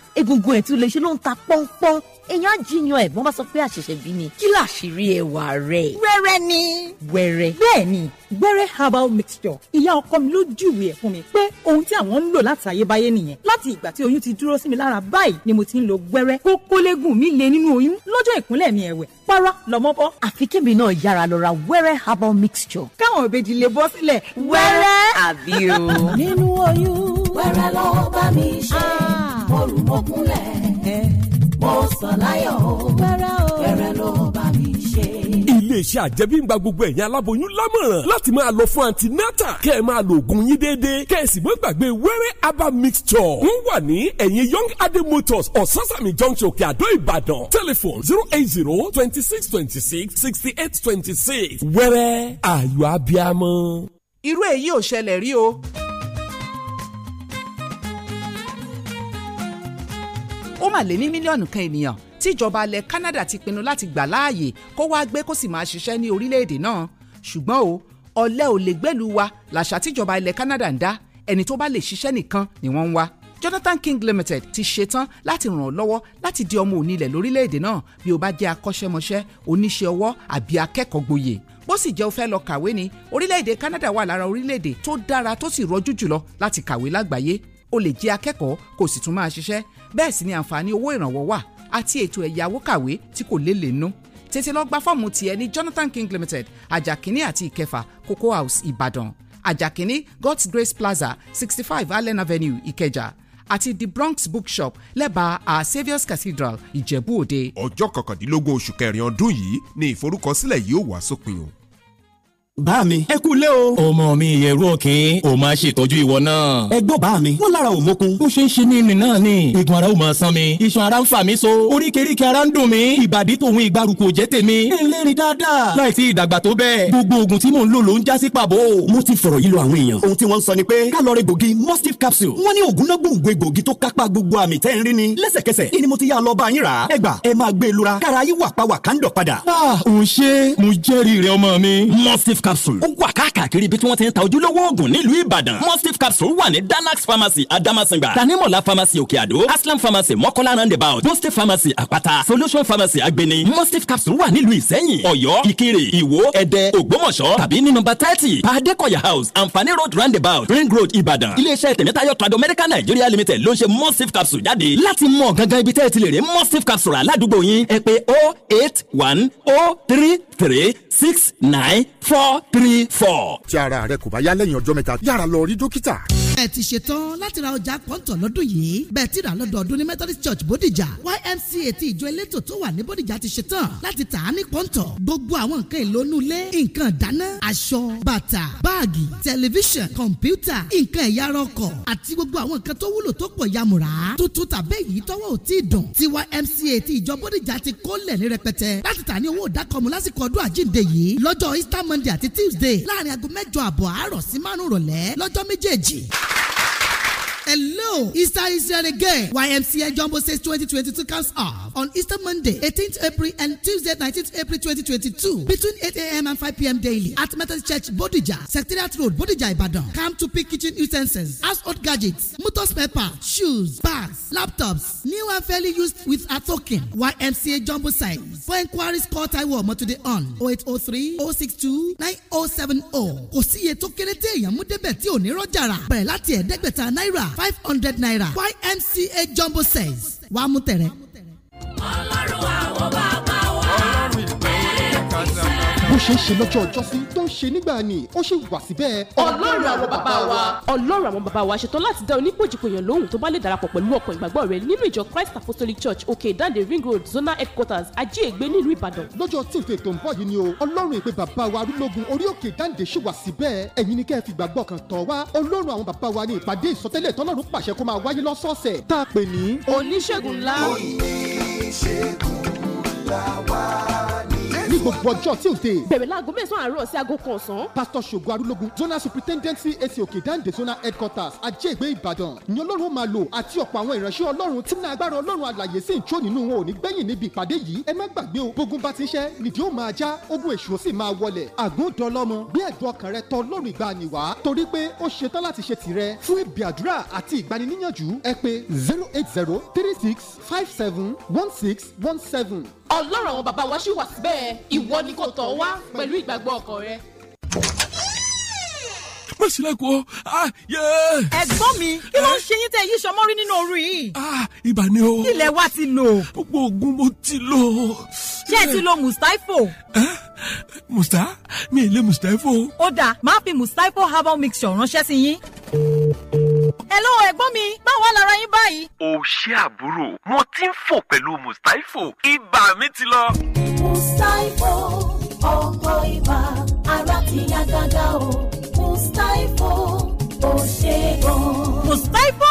egungun ẹ̀ tún ṣe ló ń ta pọ́npọ́n èèyàn àjiyàn ẹ̀gbọ́n bá sọ pé àṣẹ̀ṣẹ̀ bí ni kí làṣírí ẹwà rẹ̀. wẹ́rẹ́ ni. wẹ́rẹ́. bẹ́ẹ̀ ni wẹ́rẹ́ herbal mixture ìyá ọkọ mi ló júwèé ẹ̀ fún mi pé ohun tí àwọn ń lò láti àyébáyé nìyẹn láti ìgbà tí oyún ti dúró sí mi lára báyìí ni mo ti ń lo wẹ́rẹ́ kókólégùn mi lè nínú oyún lọ́jọ́ ìkúnlẹ̀ mi ẹ̀wẹ̀ para lọ́mọ bọ́. àfi kébì náà yára lọ ra wẹ́rẹ́ herbal mixture. káwọn òbejì lè bọ́ sílẹ̀ wẹ́rẹ́. àbí o. nínú oyún wẹ́rẹ́ lọ bá mi ṣe ah. mo rù mo kúnlẹ̀ mo sọ̀ láyọ̀ wẹ́rẹ́ lọ bá mi ṣe iléeṣẹ́ àjẹmíngba gbogbo ẹ̀yin aláboyún lámọ̀ràn láti máa lọ fún antinata kẹ́ ẹ máa lo oògùn yín déédéé kẹ́ ẹ sì mọ́ gbàgbé wẹ́rẹ́ herbal mixture wọ́n wà ní ẹ̀yìn young adé motors ososami junction òkè àdó ìbàdàn telephone zero eight zero twenty six twenty six sixty eight twenty six wẹ́rẹ́ ayọ̀ abiamọ. irú èyí ò ṣẹlẹ̀ rí o mà lé ní mílíọ̀nù kan ènìyàn tí ìjọba ilẹ̀ Canada ti pinnu láti gbà láàyè kó wá gbé kó sì máa ṣiṣẹ́ ní orílẹ̀-èdè náà ṣùgbọ́n o ọ̀lẹ ò lè gbẹ́lu wa làṣà tíjọba ilẹ̀ Canada ń dá ẹni tó bá lè ṣiṣẹ́ nìkan ni wọ́n ń wá Jonathan King Limited ti ṣetán láti ràn ọ́ lọ́wọ́ láti di ọmọ onílẹ̀ lórílẹ̀‐èdè náà bí o bá jẹ́ akọ́ṣẹ́mọṣẹ́ oníṣẹ́ ọwọ́ àbí akẹ́kọ̀ọ́ gboyè bó sì jẹ́ o fẹ́ lọ kàwé ni orílẹ̀‐èdè Canada wà lára orílẹ̀‐èdè tó dára tó sì rọjú jùlọ láti kàwé lágbàáyé o lè jẹ́ akẹ́kọ̀ọ́ kó sì tún máa ṣiṣẹ́ bẹ́ẹ̀ sì ni àǹfààní owó ìrànwọ́ wà àti ètò ẹ̀yàwó kàwé tí kò lélè nú tètè lọ gba fọ́ọ̀mù tiẹ̀ ní Jonathan King Limited àjàkíní àti ìkẹfà Cocoa House Ìbàdàn àjàkíní God's Grace Plaza sixty five Allen Avenue Ìkẹjà àti the Bronx Bookshop lẹ́bàá Our Saviour's Cathedral Ìjẹ̀bú Òde. ọjọ́ kọkàndínlógún oṣù kẹrin ọdún yìí ni ìforúkọsílẹ̀ yìí ó sópin o bá mi. ẹ kú lé o. ọmọ mi ìyẹ̀rú òkín ò máa ṣètọ́jú ìwọ náà. ẹ gbọ́ bá mi. wọ́n lára ò mókun. ó ṣe ń ṣe ní ìrìn náà ni. igun ara ò máa san mi. iṣan ara ń fà mí so. oríkèéríkèé ara ń dùn mí. ìbàdí tòun ìgbàrúkọ jẹ́ tèmi. ẹ dáadáa. láìsí ìdàgbà tó bẹ́ẹ̀. gbogbo oògùn tí mò ń lò ló ń já sí pàbó. mo ti fọ̀rọ̀ yí lọ àwọn èèyàn. ohun tí wọ́n sọ ni pé kálọ̀rì gbòógì mustif capsule. wọ́n ní oògùn náà gbòǹgbò egbòogi tó kápá gbogbo àmì tẹ́ ń mustif capsule ó wà káàkiri ibi tí wọ́n ti ń ta ojúlówó oògùn nílùú ìbàdàn mustif capsule wà ní danax pharmacy adamasingba tanimola pharmacy òkè àdó aslam pharmacy mọ́kọ́lá roundabout mustif pharmacy àpáta solution pharmacy agbeni mustif capsule wà nílùú ìsẹ́yìn ọ̀yọ́ ìkirè ìwó ẹ̀dẹ́ ògbómọ̀ṣọ́ tàbí ní nọ́mbà thirty pàdékọ̀yà house anfani road roundabout ring road ìbàdàn iléeṣẹ́ tẹ̀mẹ́tayọ̀ trado medical nigeria limited ló ń ṣe capsule jáde láti mọ̀ gangan ibi tẹ́ ẹ capsule aládùúgbò yín oh eight one oh three three six nine four three four. tí ara rẹ kò bá yá lẹ́yìn ọjọ́ mẹ́ta yára lọ rí dókítà ẹ ti ṣetán láti ra ọjà pọ́ńtọ̀ lọ́dún yìí bẹ́ẹ̀ ti rà lọ́dọọdún ní Methodist Church Bódìjà YMCA ti ìjọ elétò tó wà ní Bódìjà ti ṣetán láti tà á ní pọ́ńtọ̀ gbogbo àwọn nǹkan èlò inú ilé nǹkan ìdáná aṣọ bàtà báàgì tẹlifíṣàn kọ̀ǹpútà nǹkan ẹ̀yà ọkọ̀ àti gbogbo àwọn nǹkan tó wúlò tó pọ̀ yamùrà tuntun tàbí èyí tọ́wọ́ ò YMCA ti ìjọ Bódìjà ti kólẹ̀ ní rẹpẹtẹ láti tà ní owó ọdún àjíǹde yìí lọ́jọ́ Easter Monday àti Tuesday láàrin aago mẹ́jọ àbọ̀ àárọ̀ sí márùn-ún rọ̀lẹ́ lọ́jọ́ méjèèjì. Hello, Easter is here again. YMCA Jumbo says 2022 comes off on Easter Monday, 18th April and Tuesday, 19th April 2022 between 8 a.m. and 5 p.m. daily at Methodist Church, Bodija, Secretariat Road, Bodija, Ibadan. Come to pick kitchen utensils, household gadgets, motors, paper, shoes, bags, laptops, new and fairly used with a token. YMCA Jumbo size. For inquiries, call Taiwo Motoday on 0803 062 9070. Kò sí iye tó kéré téèyàn mú débẹ̀ tí ò ní rọ́jà five hundred naira ymca jumbo says. wàá mú tẹ̀rẹ̀. ọlọ́run àwọn bá ṣe ń ṣe lọ́jọ́ ìjọsí tó ń ṣe nígbà ni ó ṣì wà síbẹ̀. ọlọ́run àwọn bàbá wa. ọlọ́run àwọn bàbá wa ṣetán láti dá onípòjìpòyàn lóhùn tó bá lè darapọ̀ pẹ̀lú ọkọ̀ ìgbàgbọ́ rẹ nínú ìjọ Christ Apostolic Church Òkè Ìdànrè Ring Road Zona headquarters Ajíègbé nílùú Ìbàdàn. lọ́jọ́ tí ìfẹ́ tó ń bọ̀ yìí ni o ọlọ́run ìpè bàbá wa arúgbógun orí òkè Ìdànrè ṣì wà síbẹ̀ ẹ̀yin ni kẹ́ ẹ fi gbàgbọ́ kan tọ̀ wá wa ní ìpàdé ìsọtẹ́lẹ̀ tọ́lọ́run pàṣẹ kó máa wáyé lọ́sọ̀ọ̀sẹ̀ tá a pè ní. oníṣègùn ńlá gbogbo ọjọ́ Tuesday. bẹ̀rẹ̀ láago mẹ́sàn-án àárọ̀ sí aago kan ọ̀sán. Pastor Ṣògo Arúlógún zonal superintendent CAC Òkè Dáǹdè zonal headquarters Ajégbe Ìbàdàn ni Ọlọ́run máa lò àti ọ̀pọ̀ àwọn ìránṣẹ́ Ọlọ́run tí náà agbára Ọlọ́run àlàyé sì ń nínú wọn ò ní gbẹ̀yìn níbi ìpàdé yìí ẹ má gbàgbé o bógun bá ti ṣẹ́ nìdí ó máa já ogun èṣù sì máa wọlẹ̀ àgùndọ̀lọ́mọ ọlọ́run àwọn bàbá wa ṣì wà síbẹ̀ ìwọ ni kò tọ̀ wá pẹ̀lú ìgbàgbọ́ ọkàn rẹ. má ṣílẹ̀kùn o ah, ẹ̀gbọ́n mi kí ló ń eh? ṣe yín tẹ́ yí sọmọ́rí nínú òru yìí. Ah, ibà ni o. ilẹ̀ wa ti lò. gbogbo oògùn mo ti lò. ṣé ẹ ti lo mustapho. Eh? musta mi ò lè mustapho. ó dáa máa fi mustapho herbal mixture ránṣẹ́ sí yín. Hello ẹ̀gbọ́n mi, báwo lára yín báyìí? O ṣé àbúrò, wọ́n ti ń fò pẹ̀lú Mustapho. Ibà mi ti lọ. Mustapho, ọkọ̀ ibà, ara ti yá gágá o. Mustapho, ó ṣe gan. Mustapho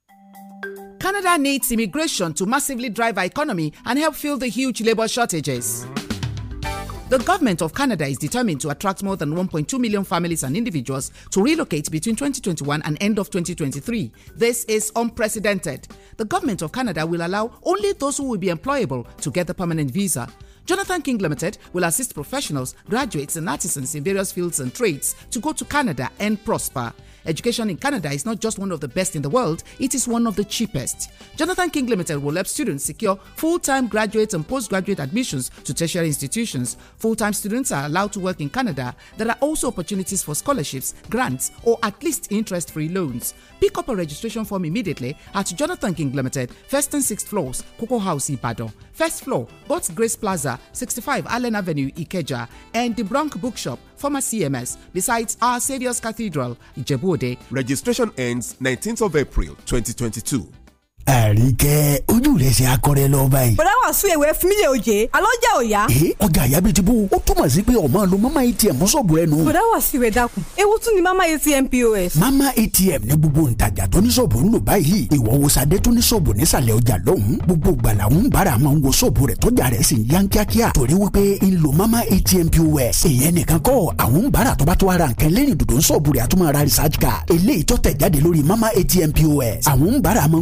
Canada needs immigration to massively drive our economy and help fill the huge labor shortages. The government of Canada is determined to attract more than 1.2 million families and individuals to relocate between 2021 and end of 2023. This is unprecedented. The government of Canada will allow only those who will be employable to get the permanent visa. Jonathan King Limited will assist professionals, graduates, and artisans in various fields and trades to go to Canada and prosper. Education in Canada is not just one of the best in the world, it is one of the cheapest. Jonathan King Limited will help students secure full time graduate and postgraduate admissions to tertiary institutions. Full time students are allowed to work in Canada. There are also opportunities for scholarships, grants, or at least interest free loans. Pick up a registration form immediately at Jonathan King Limited, 1st and 6th floors, Coco House, Ibadan. First floor, God's Grace Plaza, 65 Allen Avenue, Ikeja, and the Bronx Bookshop, former CMS, besides Our Saviour's Cathedral, Ijebuode. Registration ends 19th of April 2022. àríkẹ́ ojú rẹ̀ ṣe akọrẹ lọ báyìí. bọ̀dá wà sún ewé fún mi oje alọ́jà òya. ee ọjà àyà bíi ti bó túmọ̀ sí pé ọmọ lo mama atm mọ́sọ̀bù rẹ nù. bọ̀dá wà sí ìwé dákun ewu tún ni mama atm pos. mama atm ní gbogbo ntajà tó ní sọ̀bù ń lò báyìí ìwọ wo sadé tó ní sọ̀bù nísàlẹ̀ ọjà lọ́hùn gbogbo gbala ń bára máa ń wo sọ̀bù rẹ̀ tọ́jà rẹ̀ sì ń yan kíákíá torí mama atm pos. èèyàn nìkan kọ́ àwọn ń bára tó bá tó ara nǹkan lẹ́yìn dòdò ń sọ̀bù rẹ̀ àtúmọ̀ ara research card eléyìí tó mama atm pos. àwọn ń bára máa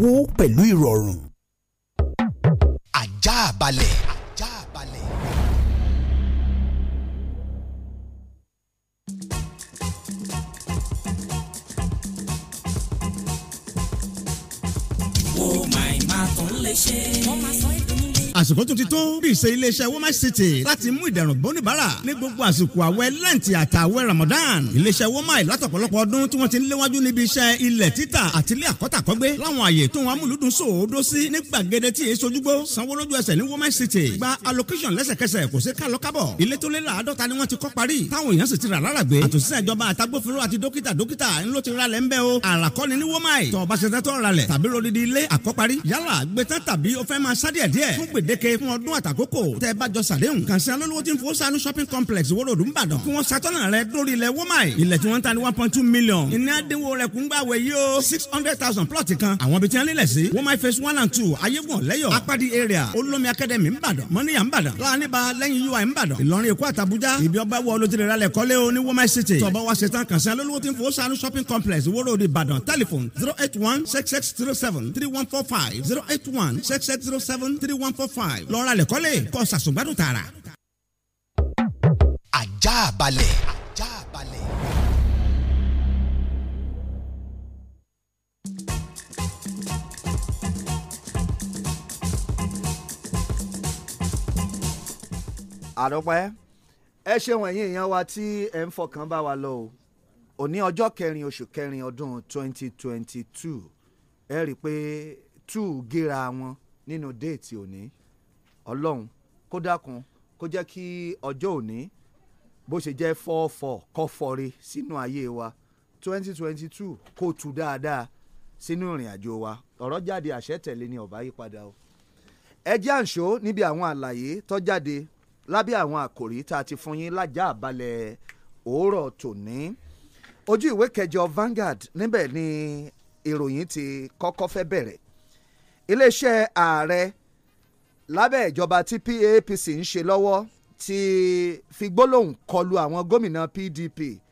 owó pẹ̀lú ìrọ̀rùn. àjà balẹ̀. àjà balẹ̀. ó máa ìmá tán lè ṣe. wọ́n máa sọ é àsìkò tún ti tó bí ìṣe iléeṣẹ́ womash city láti mú ìdẹ̀rùn bóníbàárà ní gbogbo àsìkò àwẹ̀ lẹ́ǹtì àtàwẹ̀ ramadan iléeṣẹ́ womash látọ̀pọ̀lọpọ̀ ọdún tí wọ́n ti ń léwájú níbi iṣẹ́ ilẹ̀ títà àti ilé àkọ́tàkọ́gbé láwọn àyè tó wọn amúlùdùn sòódó sí ní gbàgede tí èso júgbó sanwó lójú ẹsẹ̀ ní womash city gba allocation lẹ́sẹ̀kẹsẹ̀ kò sí kálọ́kábọ̀ ilé tó lé láàdọ́ta ni wọ́n ti kọ́ parí táwọn èèyàn sì ti rà lára gbé àtòsíṣẹ́ ìjọba àtagbófinró àti dókítà dókítà ńlọ ti ralẹ̀ ńbẹ́ o àràkọ́ni ní womash tọ́ ọba ṣe tẹ́tọ́ ralẹ̀ tàbí rodidi ilé àkọ́parí yálà gbẹ́tẹ́ gbèdéke fún ọdún àtàkókò tẹ́ bá jọ sàdéhùn kànṣẹ́ olówó tí ń fowó sanu shopping complex wóróòdù ńbàdàn kí wọ́n ṣàtọ́nà rẹ lórí ilẹ̀ wọ́màì ilẹ̀ tí wọ́n ń ta ní one point two million ìní àdéhùn rẹ̀ kún gbàwé yìí o six hundred thousand plot kan àwọn ibi tí sí wọ́màì phase one and two ayégun lẹ́yọ̀ apadi area olómi academy ńbàdàn mọ́níyà ńbàdàn láàánibà lẹ́yìn ui ńbàdàn ìlọrin èkó àtàbújá ibi ọba wọ olótìrẹ telephone zero eight one six six zero seven three one four five zero eight one six six zero seven three one four five lọ́ra lẹ́kọ́lẹ̀ kọ́ sàṣùgbádùn tààrà. ajá balẹ̀. ajá balẹ̀. àdọ́pẹ́ ẹ ṣeun ẹ̀yin èèyàn wa tí ẹ̀ ń fọkàn bá wa lọ o òní ọjọ́ kẹrin oṣù kẹrin ọdún twenty twenty two ẹ rí i pé two gíra wọn nínú déètì òní ọlọ́run kó dákun kó jẹ́ kí ọjọ́ òní bó ṣe jẹ́ fọ́ọ̀fọ̀ kọ́fọ́re sínú ayé wa twenty twenty two kó tu dáadáa sínú ìrìn àjò wa ọ̀rọ̀ jáde àṣẹ tẹ̀lé ni ọ̀bá yí padà o. ẹ jẹ́ àǹṣó níbi àwọn àlàyé tó jáde lábẹ́ àwọn àkòrí tá a ti fún yín lájà àbálẹ̀ òórọ̀ tòní ojú ìwé kẹjọ Vanguard níbẹ̀ ni ìròyìn ti kọ́kọ́ fẹ́ bẹ̀rẹ̀ iléeṣẹ́ ààrẹ lábẹ́ ìjọba tí PAPC ń ṣe lọ́wọ́ ti fi gbólóhùn kọlu àwọn gómìnà PDP